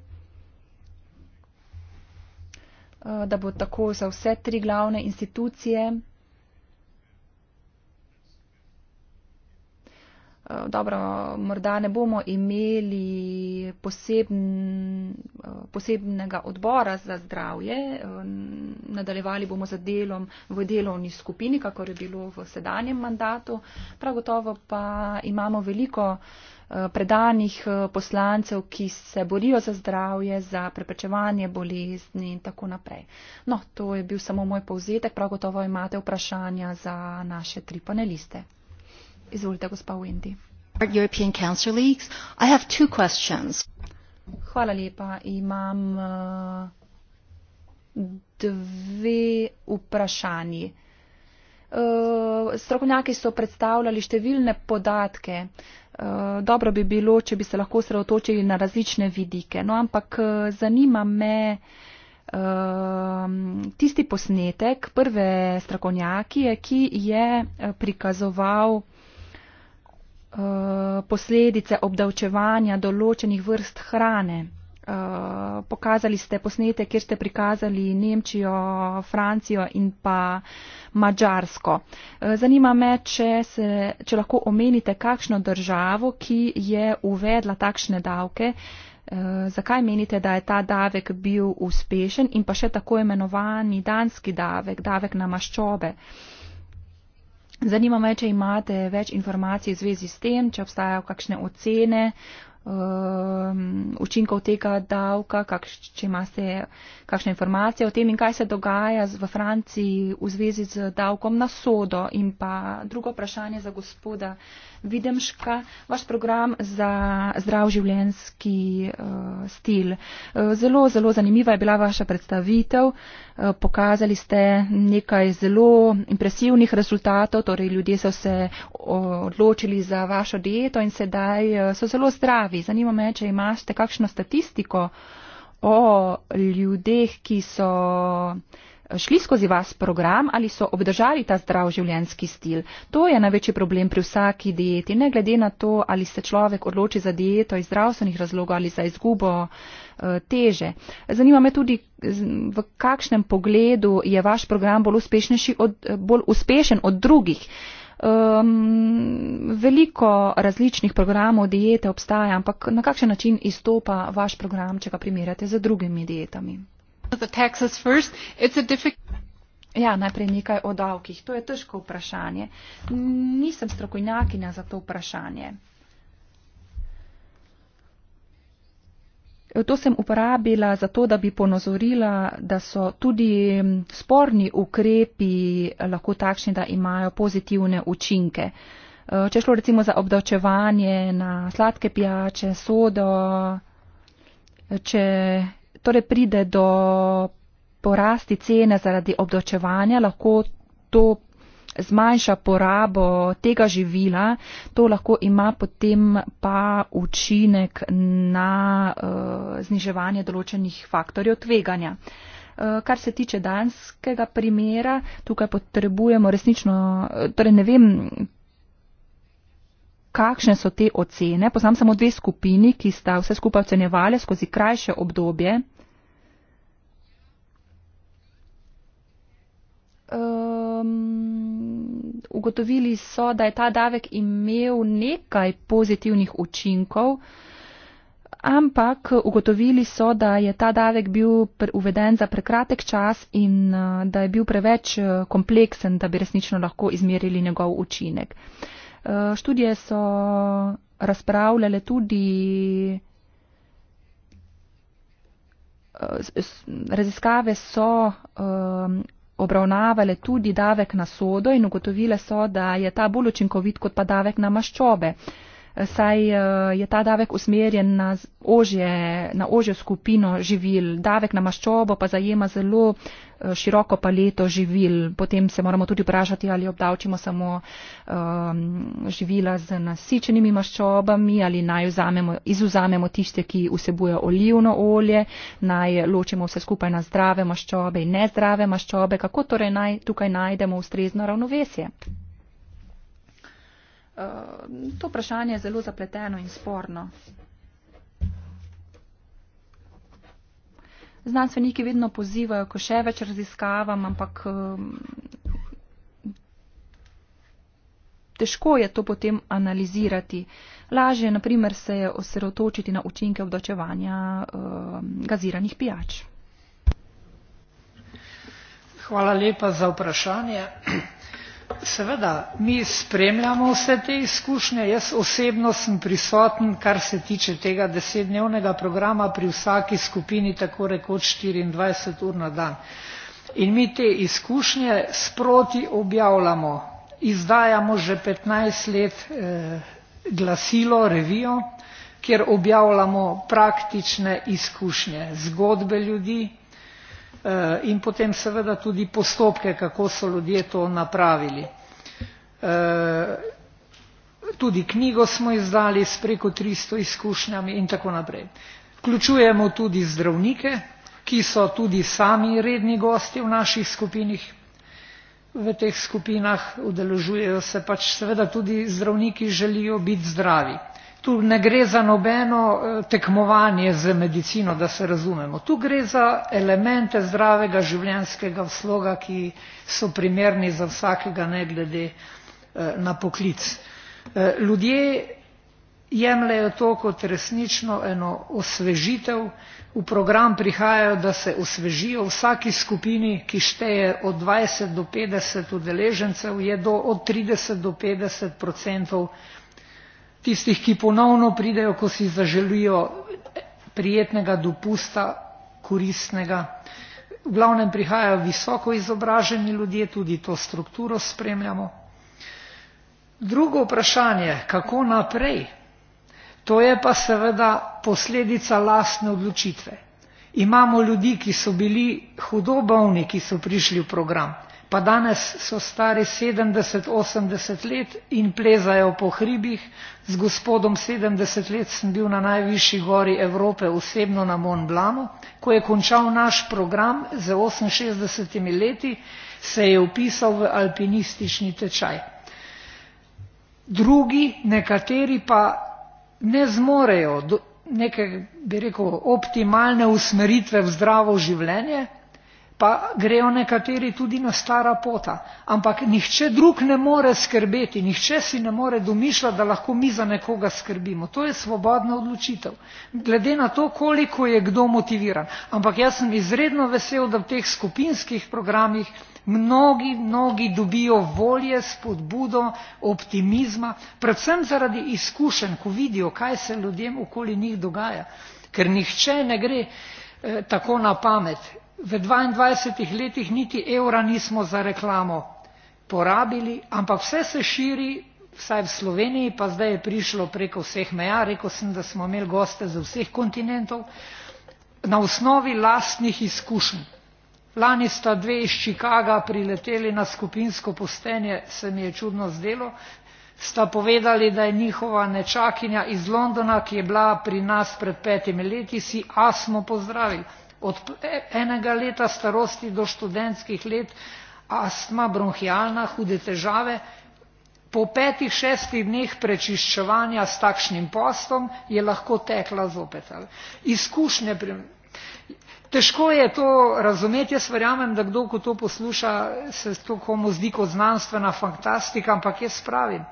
da bo tako za vse tri glavne institucije Eh, dobro, morda ne bomo imeli poseben, eh, posebnega odbora za zdravje, eh, nadaljevali bomo za delom v delovni skupini, kakor je bilo v sedanjem mandatu. Prav gotovo pa imamo veliko predanih poslancev, ki se borijo za zdravje, za preprečevanje bolezni in tako naprej. No, to je bil samo moj povzetek, prav gotovo imate vprašanja za naše tri paneliste. Izvolite, gospa Wendy. Hvala lepa. Imam uh, dve vprašanji. Uh, strokovnjaki so predstavljali številne podatke. Uh, dobro bi bilo, če bi se lahko sredotočili na različne vidike. No, ampak zanima me um, tisti posnetek prve strokovnjakije, ki je prikazoval uh, posledice obdavčevanja določenih vrst hrane. Uh, pokazali ste posnete, kjer ste prikazali Nemčijo, Francijo in pa Mačarsko. Uh, eh, zanima me, če, se, če lahko omenite kakšno državo, ki je uvedla takšne davke, uh, zakaj menite, da je ta davek bil uspešen in pa še tako imenovani danski davek, davek na maščobe. Uh, Zanima me, če imate več informacij v zvezi s tem, če obstajajo kakšne ocene um, učinkov tega davka, kakš, če imate kakšne informacije o tem in kaj se dogaja v Franciji v zvezi z davkom na sodo. In pa drugo vprašanje za gospoda Videmška, vaš program za zdrav življenski uh, eh, stil. Eh, zelo, zelo zanimiva je bila vaša predstavitev. Eh, pokazali ste nekaj zelo impresivnih rezultatov, torej ljudje so se odločili za vašo dieto in sedaj so zelo zdravi. Zanima me, če imate kakšno statistiko o ljudeh, ki so šli skozi vas program ali so obdržali ta zdrav življenski stil. To je največji problem pri vsaki dieti, ne glede na to, ali se človek odloči za dieto iz zdravstvenih razlogov ali za izgubo eh, teže. Zanima me tudi, v kakšnem pogledu je vaš program bolj, od, eh, bolj uspešen od drugih. Um, veliko različnih programov diete obstaja, ampak na kakšen način izstopa vaš program, če ga primerjate z drugimi dietami? Ja, najprej nekaj o davkih. To je težko vprašanje. Nisem strokovnjakinja za to vprašanje. To sem uporabila zato, da bi ponozorila, da so tudi sporni ukrepi lahko takšni, da imajo pozitivne učinke. Če šlo recimo za obdavčevanje na sladke pijače, sodo, če torej pride do porasti cene zaradi obdočevanja, lahko to zmanjša porabo tega živila, to lahko ima potem pa učinek na uh, zniževanje določenih faktorjev tveganja. Uh, kar se tiče danskega primera, tukaj potrebujemo resnično, eh, torej ne vem, kakšne so te ocene. Poznam samo dve skupini, ki sta vse skupaj ocenjevali skozi krajše obdobje. Um, ugotovili so, da je ta davek imel nekaj pozitivnih učinkov, ampak ugotovili so, da je ta davek bil uveden za prekratek čas in eh, da je bil preveč eh, kompleksen, da bi resnično lahko izmerili njegov učinek. Eh, študije so razpravljale tudi eh, raziskave so um, obravnavale tudi davek na sodo in ugotovile so, da je ta bolj učinkovit kot pa davek na maščobe. Uh, saj eh, je ta davek usmerjen na, ožje, na ožjo skupino živil. Davek na maščobo pa zajema zelo eh, široko paleto živil. Potem se moramo tudi vprašati, ali obdavčimo samo um, živila z nasičenimi maščobami ali naj vzamemo, izuzamemo tiste, ki vsebuje olivno olje, naj ločimo vse skupaj na zdrave maščobe in nezdrave maščobe. Kako torej naj, tukaj najdemo ustrezno ravnovesje? Eh, to vprašanje je zelo zapleteno in sporno. Znanstveniki vedno pozivajo, ko še več raziskavam, ampak eh, težko je to potem analizirati. Lažje je, naprimer, se je osredotočiti na učinke obdočevanja eh, gaziranih pijač. Hvala lepa za vprašanje seveda mi spremljamo vse te izkušnje, jaz osebno sem prisoten, kar se tiče tega desetdnevnega programa, pri vsaki skupini tako rekoč 24 ur na dan. In mi te izkušnje sproti objavljamo, izdajamo že 15 let eh, glasilo, revijo, kjer objavljamo praktične izkušnje, zgodbe ljudi, Eh, in potem seveda tudi postopke, kako so ljudje to napravili. Eh, tudi knjigo smo izdali s preko 300 izkušnjami in tako naprej. Vključujemo tudi zdravnike, ki so tudi sami redni gosti v naših skupinah. V teh skupinah udeležujejo se pač seveda tudi zdravniki, želijo biti zdravi. Tu ne gre za nobeno eh, tekmovanje z medicino, da se razumemo. Tu gre za elemente zdravega življenjskega sloga, ki so primerni za vsakega, ne glede eh, na poklic. Eh, ljudje jemljajo to kot resnično eno osvežitev, v program prihajajo, da se osvežijo, vsaki skupini, ki šteje od 20 do 50 udeležencev, je do od 30 do 50 odstotkov tistih, ki ponovno pridejo, ko si zaželijo prijetnega dopusta, koristnega. V glavnem prihajajo visoko izobraženi ljudje, tudi to strukturo spremljamo. Drugo vprašanje, kako naprej, to je pa seveda posledica lastne odločitve. Imamo ljudi, ki so bili hudo bolni, ki so prišli v program pa danes so stari 70-80 let in plezajo po hribih. Z gospodom 70 let sem bil na najvišji gori Evrope osebno na Mont Blanu. Ko je končal naš program z 68 leti, se je upisal v alpinistični tečaj. Drugi, nekateri pa ne zmorejo neke, bi rekel, optimalne usmeritve v zdravo življenje, pa grejo nekateri tudi na stara pota. Ampak nihče drug ne more skrbeti, nihče si ne more domišljati, da lahko mi za nekoga skrbimo. To je svobodna odločitev. Glede na to, koliko je kdo motiviran. Ampak jaz sem izredno vesel, da v teh skupinskih programih mnogi, mnogi dobijo volje, spodbudo, optimizma, predvsem zaradi izkušenj, ko vidijo, kaj se ljudem okoli njih dogaja. Ker nihče ne gre eh, tako na pamet, v 22 letih niti evra nismo za reklamo porabili, ampak vse se širi, vsaj v Sloveniji, pa zdaj je prišlo preko vseh meja, rekel sem, da smo imeli goste z vseh kontinentov, na osnovi lastnih izkušenj. Lani sta dve iz Čikaga prileteli na skupinsko postenje, se mi je čudno zdelo, sta povedali, da je njihova nečakinja iz Londona, ki je bila pri nas pred petimi leti, si asmo pozdravila od e, enega leta starosti do študentskih let, astma, bronhialna, hude težave. Po petih, šestih dneh prečiščevanja s takšnim postom je lahko tekla zopet. Izkušnje, pri... težko je to razumeti, jaz verjamem, da kdo, ko to posluša, se to komu zdi kot znanstvena fantastika, ampak jaz pravim,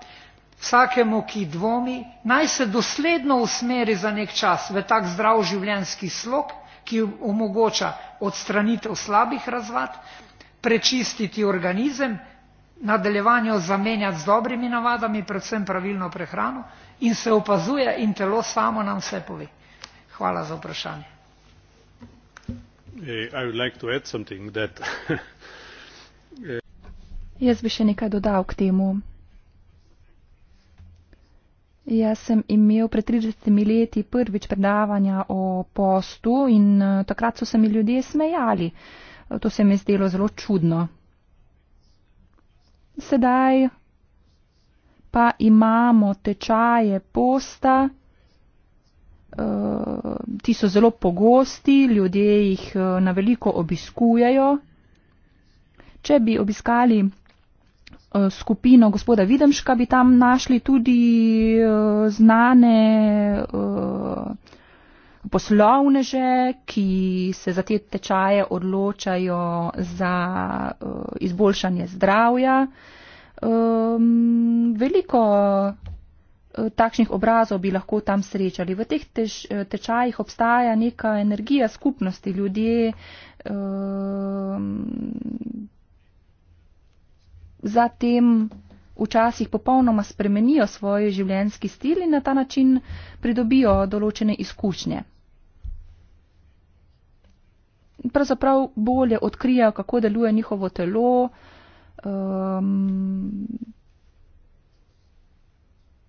vsakemu, ki dvomi, naj se dosledno usmeri za nek čas v tak zdrav življenjski slog, ki omogoča odstranitev slabih razvad, prečistiti organizem, nadaljevanje zamenjati z dobrimi navadami, predvsem pravilno prehrano in se opazuje in telo samo nam vse pove. Hvala za vprašanje. Eh, (laughs) eh, Jaz bi še nekaj dodal k temu. Jaz sem imel pred 30 leti prvič predavanja o postu in eh, takrat so se mi ljudje smejali. Eh, to se mi je zdelo zelo čudno. Sedaj pa imamo tečaje posta. Eh, ti so zelo pogosti, ljudje jih na veliko obiskujejo. Če bi obiskali Eh, skupino gospoda Videmška bi tam našli tudi eh, znane eh, poslovneže, ki se za te tečaje odločajo za izboljšanje zdravja. Ehm, veliko takšnih obrazov bi lahko tam srečali. V teh tečajih obstaja neka energija skupnosti ljudi. Ehm, zatem včasih popolnoma spremenijo svoj življenjski stil in na ta način pridobijo določene izkušnje. Pravzaprav bolje odkrijajo, kako deluje njihovo telo. Um,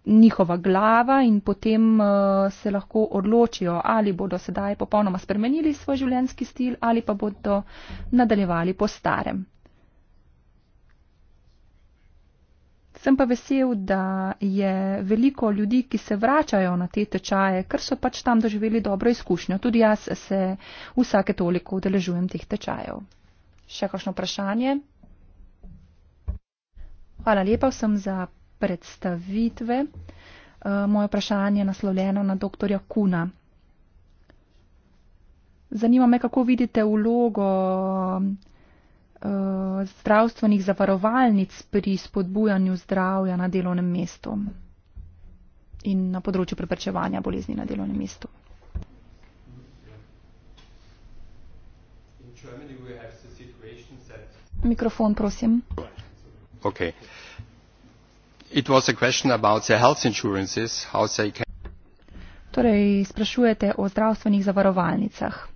njihova glava in potem uh, se lahko odločijo, ali bodo sedaj popolnoma spremenili svoj življenjski stil ali pa bodo nadaljevali po starem. Sem pa vesel, da je veliko ljudi, ki se vračajo na te tečaje, ker so pač tam doživeli dobro izkušnjo. Tudi jaz se vsake toliko udeležujem teh tečajev. Še kakšno vprašanje? Hvala lepa vsem za predstavitve. E, moje vprašanje je naslovljeno na dr. Kuna. Zanima me, kako vidite vlogo Eh, zdravstvenih zavarovalnic pri spodbujanju zdravja na delovnem mestu in na področju preprečevanja bolezni na delovnem mestu. Mikrofon, prosim. Okay. Torej, sprašujete o zdravstvenih zavarovalnicah.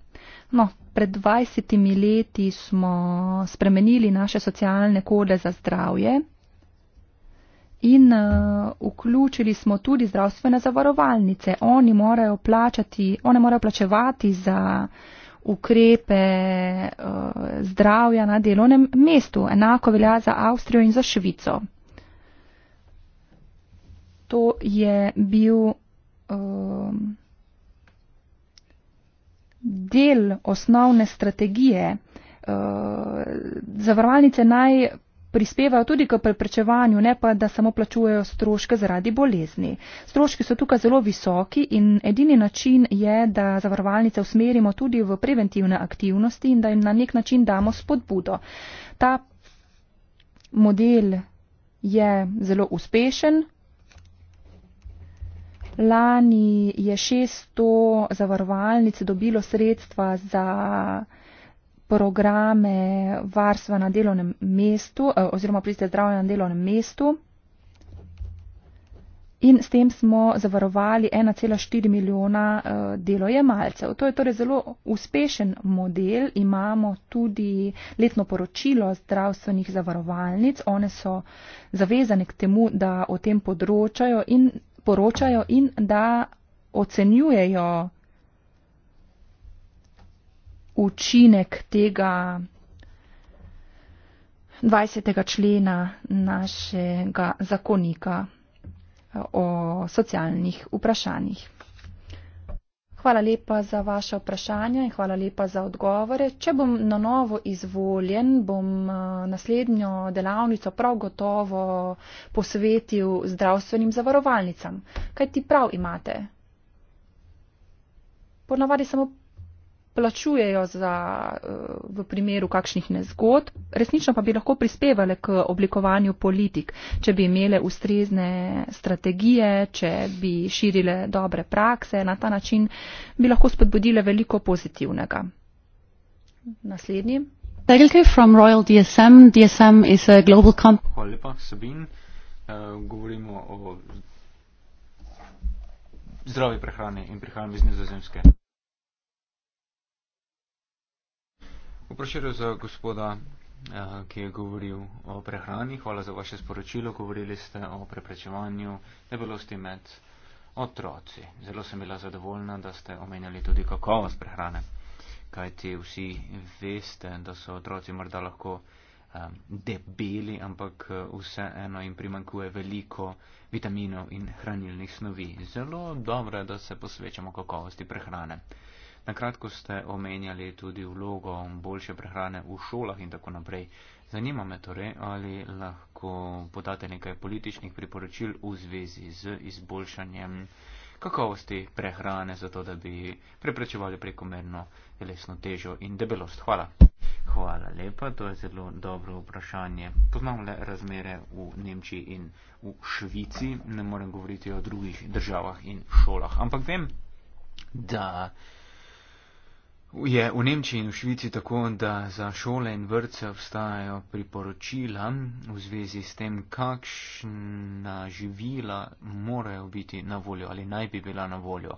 No, pred 20 leti smo spremenili naše socialne kode za zdravje in eh, vključili smo tudi zdravstvene zavarovalnice. Oni morajo, plačati, one morajo plačevati za ukrepe eh, zdravja na delovnem mestu. Enako velja za Avstrijo in za Švico. To je bil. Um, del osnovne strategije. Eh, zavarovalnice naj prispevajo tudi k preprečevanju, ne pa da samo plačujejo stroške zaradi bolezni. Stroški so tukaj zelo visoki in edini način je, da zavarovalnice usmerimo tudi v preventivne aktivnosti in da jim na nek način damo spodbudo. Ta model je zelo uspešen, Lani je 600 zavarovalnic dobilo sredstva za programe varstva na delovnem mestu eh, oziroma pristaj zdravja na delovnem mestu. In s tem smo zavarovali 1,4 milijona eh, delojemalcev. To je torej zelo uspešen model. Imamo tudi letno poročilo zdravstvenih zavarovalnic. One so zavezane k temu, da o tem področajo in poročajo in da ocenjujejo učinek tega 20. člena našega zakonika eh, o socialnih vprašanjih. Hvala lepa za vaše vprašanje in hvala lepa za odgovore. Če bom na novo izvoljen, bom eh, naslednjo delavnico prav gotovo posvetil zdravstvenim zavarovalnicam. Kaj ti prav imate? Ponavadi samo plačujejo za, eh, v primeru kakšnih nezgod, resnično pa bi lahko prispevale k oblikovanju politik, če bi imele ustrezne strategije, če bi širile dobre prakse. Na ta način bi lahko spodbudile veliko pozitivnega. Naslednji. From Royal DSM. DSM is a global Hvala lepa, Sabin. Uh, govorimo o zdravi prehrani in prihajam iz nizozemske. Vprašanje za gospoda, eh, ki je govoril o prehrani. Hvala za vaše sporočilo. Govorili ste o preprečevanju nebolosti med otroci. Zelo sem bila zadovoljna, da ste omenjali tudi kakovost prehrane, kajti vsi veste, da so otroci morda lahko eh, debeli, ampak eh, vseeno jim primankuje veliko vitaminov in hranilnih snovi. Zelo dobro je, da se posvečamo kakovosti prehrane. Na kratko ste omenjali tudi vlogo boljše prehrane v šolah in tako naprej. Zanima me torej, ali lahko podate nekaj političnih priporočil v zvezi z izboljšanjem kakovosti prehrane, zato da bi preprečevali prekomerno telesno težo in debelost. Hvala. Hvala lepa, to je zelo dobro vprašanje. Poznam le razmere v Nemčiji in v Švici, ne morem govoriti o drugih državah in šolah, ampak vem, da. Je v Nemčiji in v Švici tako, da za šole in vrtce obstajajo priporočila v zvezi s tem, kakšna živila morajo biti na voljo ali naj bi bila na voljo,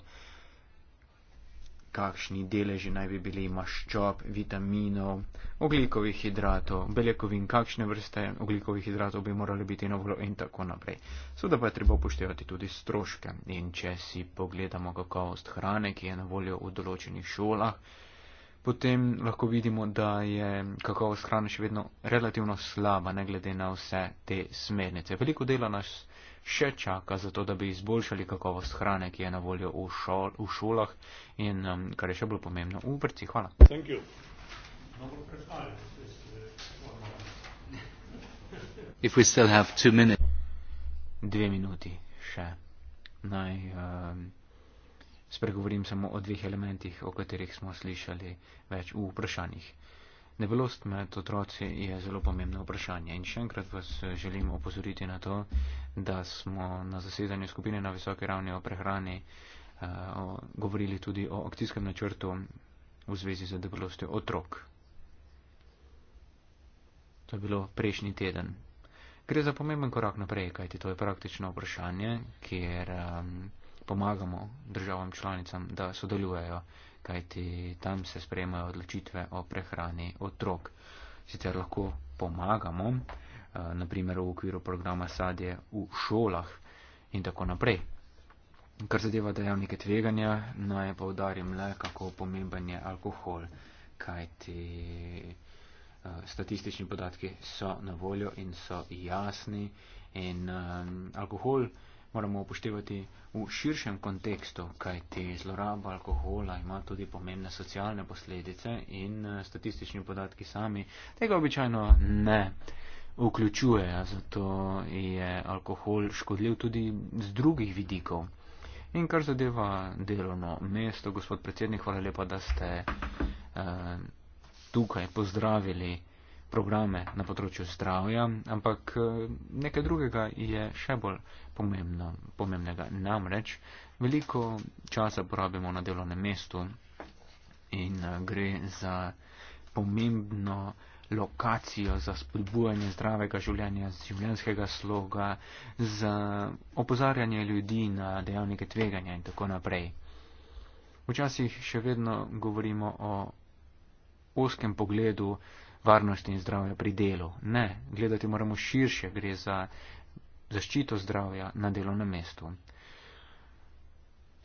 kakšni deleži naj bi bili maščob, vitaminov, oglikovih hidratov, beljakovin, kakšne vrste oglikovih hidratov bi morali biti na voljo in tako naprej. Seveda pa je treba upoštevati tudi stroške in če si pogledamo kakovost hrane, ki je na voljo v določenih šolah, potem lahko vidimo, da je kakovost hrane še vedno relativno slaba, ne glede na vse te smernice. Veliko dela nas še čaka za to, da bi izboljšali kakovost hrane, ki je na voljo v, šol, v šolah in, um, kar je še bolj pomembno, v vrci. Hvala. Dve minuti še. Naj, um, spregovorim samo o dveh elementih, o katerih smo slišali več v vprašanjih. Nebelost med otroci je zelo pomembno vprašanje in še enkrat vas želim opozoriti na to, da smo na zasedanju skupine na visoki ravni o prehrani eh, govorili tudi o akcijskem načrtu v zvezi z debelostjo otrok. To je bilo prejšnji teden. Gre za pomemben korak naprej, kajti to je praktično vprašanje, kjer. Eh, pomagamo državam članicam, da sodelujejo, kajti tam se sprejemajo odločitve o prehrani otrok. Sicer lahko pomagamo, eh, naprimer v okviru programa sadje v šolah in tako naprej. Kar zadeva dejavnike tveganja, naj povdarim le, kako pomemben je alkohol, kajti eh, statistični podatki so na voljo in so jasni in eh, alkohol moramo upoštevati v širšem kontekstu, kaj ti zloraba alkohola ima tudi pomembne socialne posledice in eh, statistični podatki sami tega običajno ne vključujejo, zato je alkohol škodljiv tudi z drugih vidikov. In kar zadeva delovno mesto, gospod predsednik, hvala lepa, da ste eh, tukaj pozdravili programe na področju zdravja, ampak eh, nekaj drugega je še bolj pomembno, pomembnega. Namreč veliko časa porabimo na delovnem mestu in eh, gre za pomembno lokacijo za spodbujanje zdravega življenja, življenskega sloga, za opozarjanje ljudi na dejavnike tveganja in tako naprej. Včasih še vedno govorimo o oskem pogledu varnosti in zdravja pri delu. Ne, gledati moramo širše, gre za zaščito zdravja na delovnem mestu.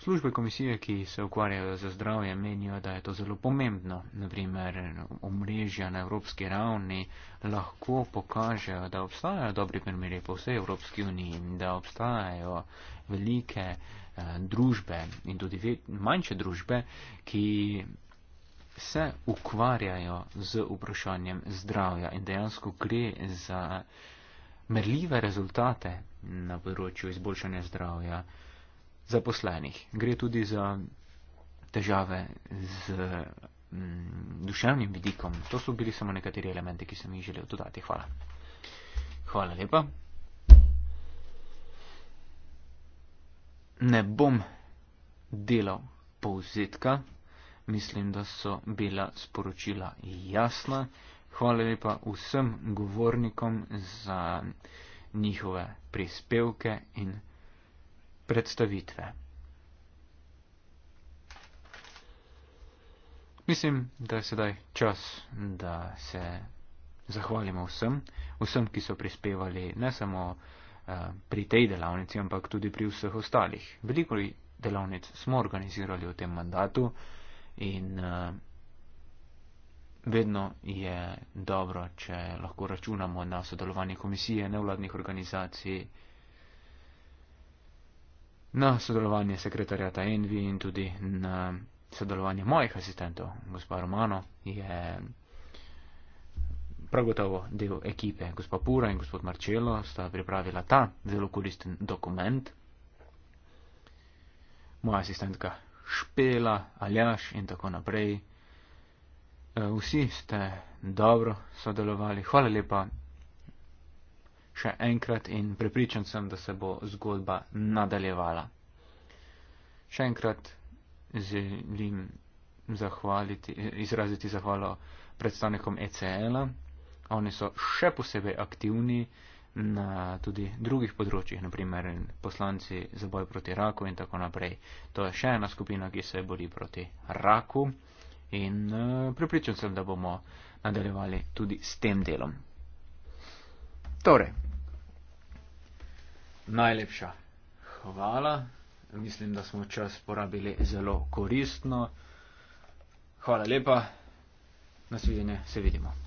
Službe komisije, ki se ukvarjajo za zdravje, menijo, da je to zelo pomembno. Naprimer, omrežja na evropski ravni lahko pokažejo, da obstajajo dobri primeri po vsej Evropski uniji in da obstajajo velike eh, družbe in tudi manjše družbe, ki se ukvarjajo z vprašanjem zdravja in dejansko gre za. Eh, merljive rezultate na področju izboljšanja zdravja zaposlenih. Gre tudi za težave z mm, duševnim vidikom. To so bili samo nekateri elementi, ki sem jih želel dodati. Hvala. Hvala lepa. Ne bom delal povzetka. Mislim, da so bila sporočila jasna. Hvala lepa vsem govornikom za njihove prispevke in predstavitve. Mislim, da je sedaj čas, da se zahvalimo vsem, vsem, ki so prispevali ne samo uh, pri tej delavnici, ampak tudi pri vseh ostalih. Veliko delavnic smo organizirali v tem mandatu in uh, Vedno je dobro, če lahko računamo na sodelovanje komisije, nevladnih organizacij, na sodelovanje sekretarjata Envi in tudi na sodelovanje mojih asistentov. Gospa Romano je prav gotovo del ekipe. Gospa Pura in gospod Marcello sta pripravila ta zelo koristen dokument. Moja asistentka Špela, Aljaš in tako naprej. Eh, vsi ste dobro sodelovali. Hvala lepa še enkrat in prepričan sem, da se bo zgodba nadaljevala. Še enkrat želim zahvaliti, izraziti zahvalo predstavnikom ECL-a. Oni so še posebej aktivni na tudi drugih področjih, naprimer poslanci za boj proti raku in tako naprej. To je še ena skupina, ki se bori proti raku in eh, pripričan sem, da bomo nadaljevali tudi s tem delom. Torej, najlepša hvala. Mislim, da smo čas porabili zelo koristno. Hvala lepa. Nasvidenje, se vidimo.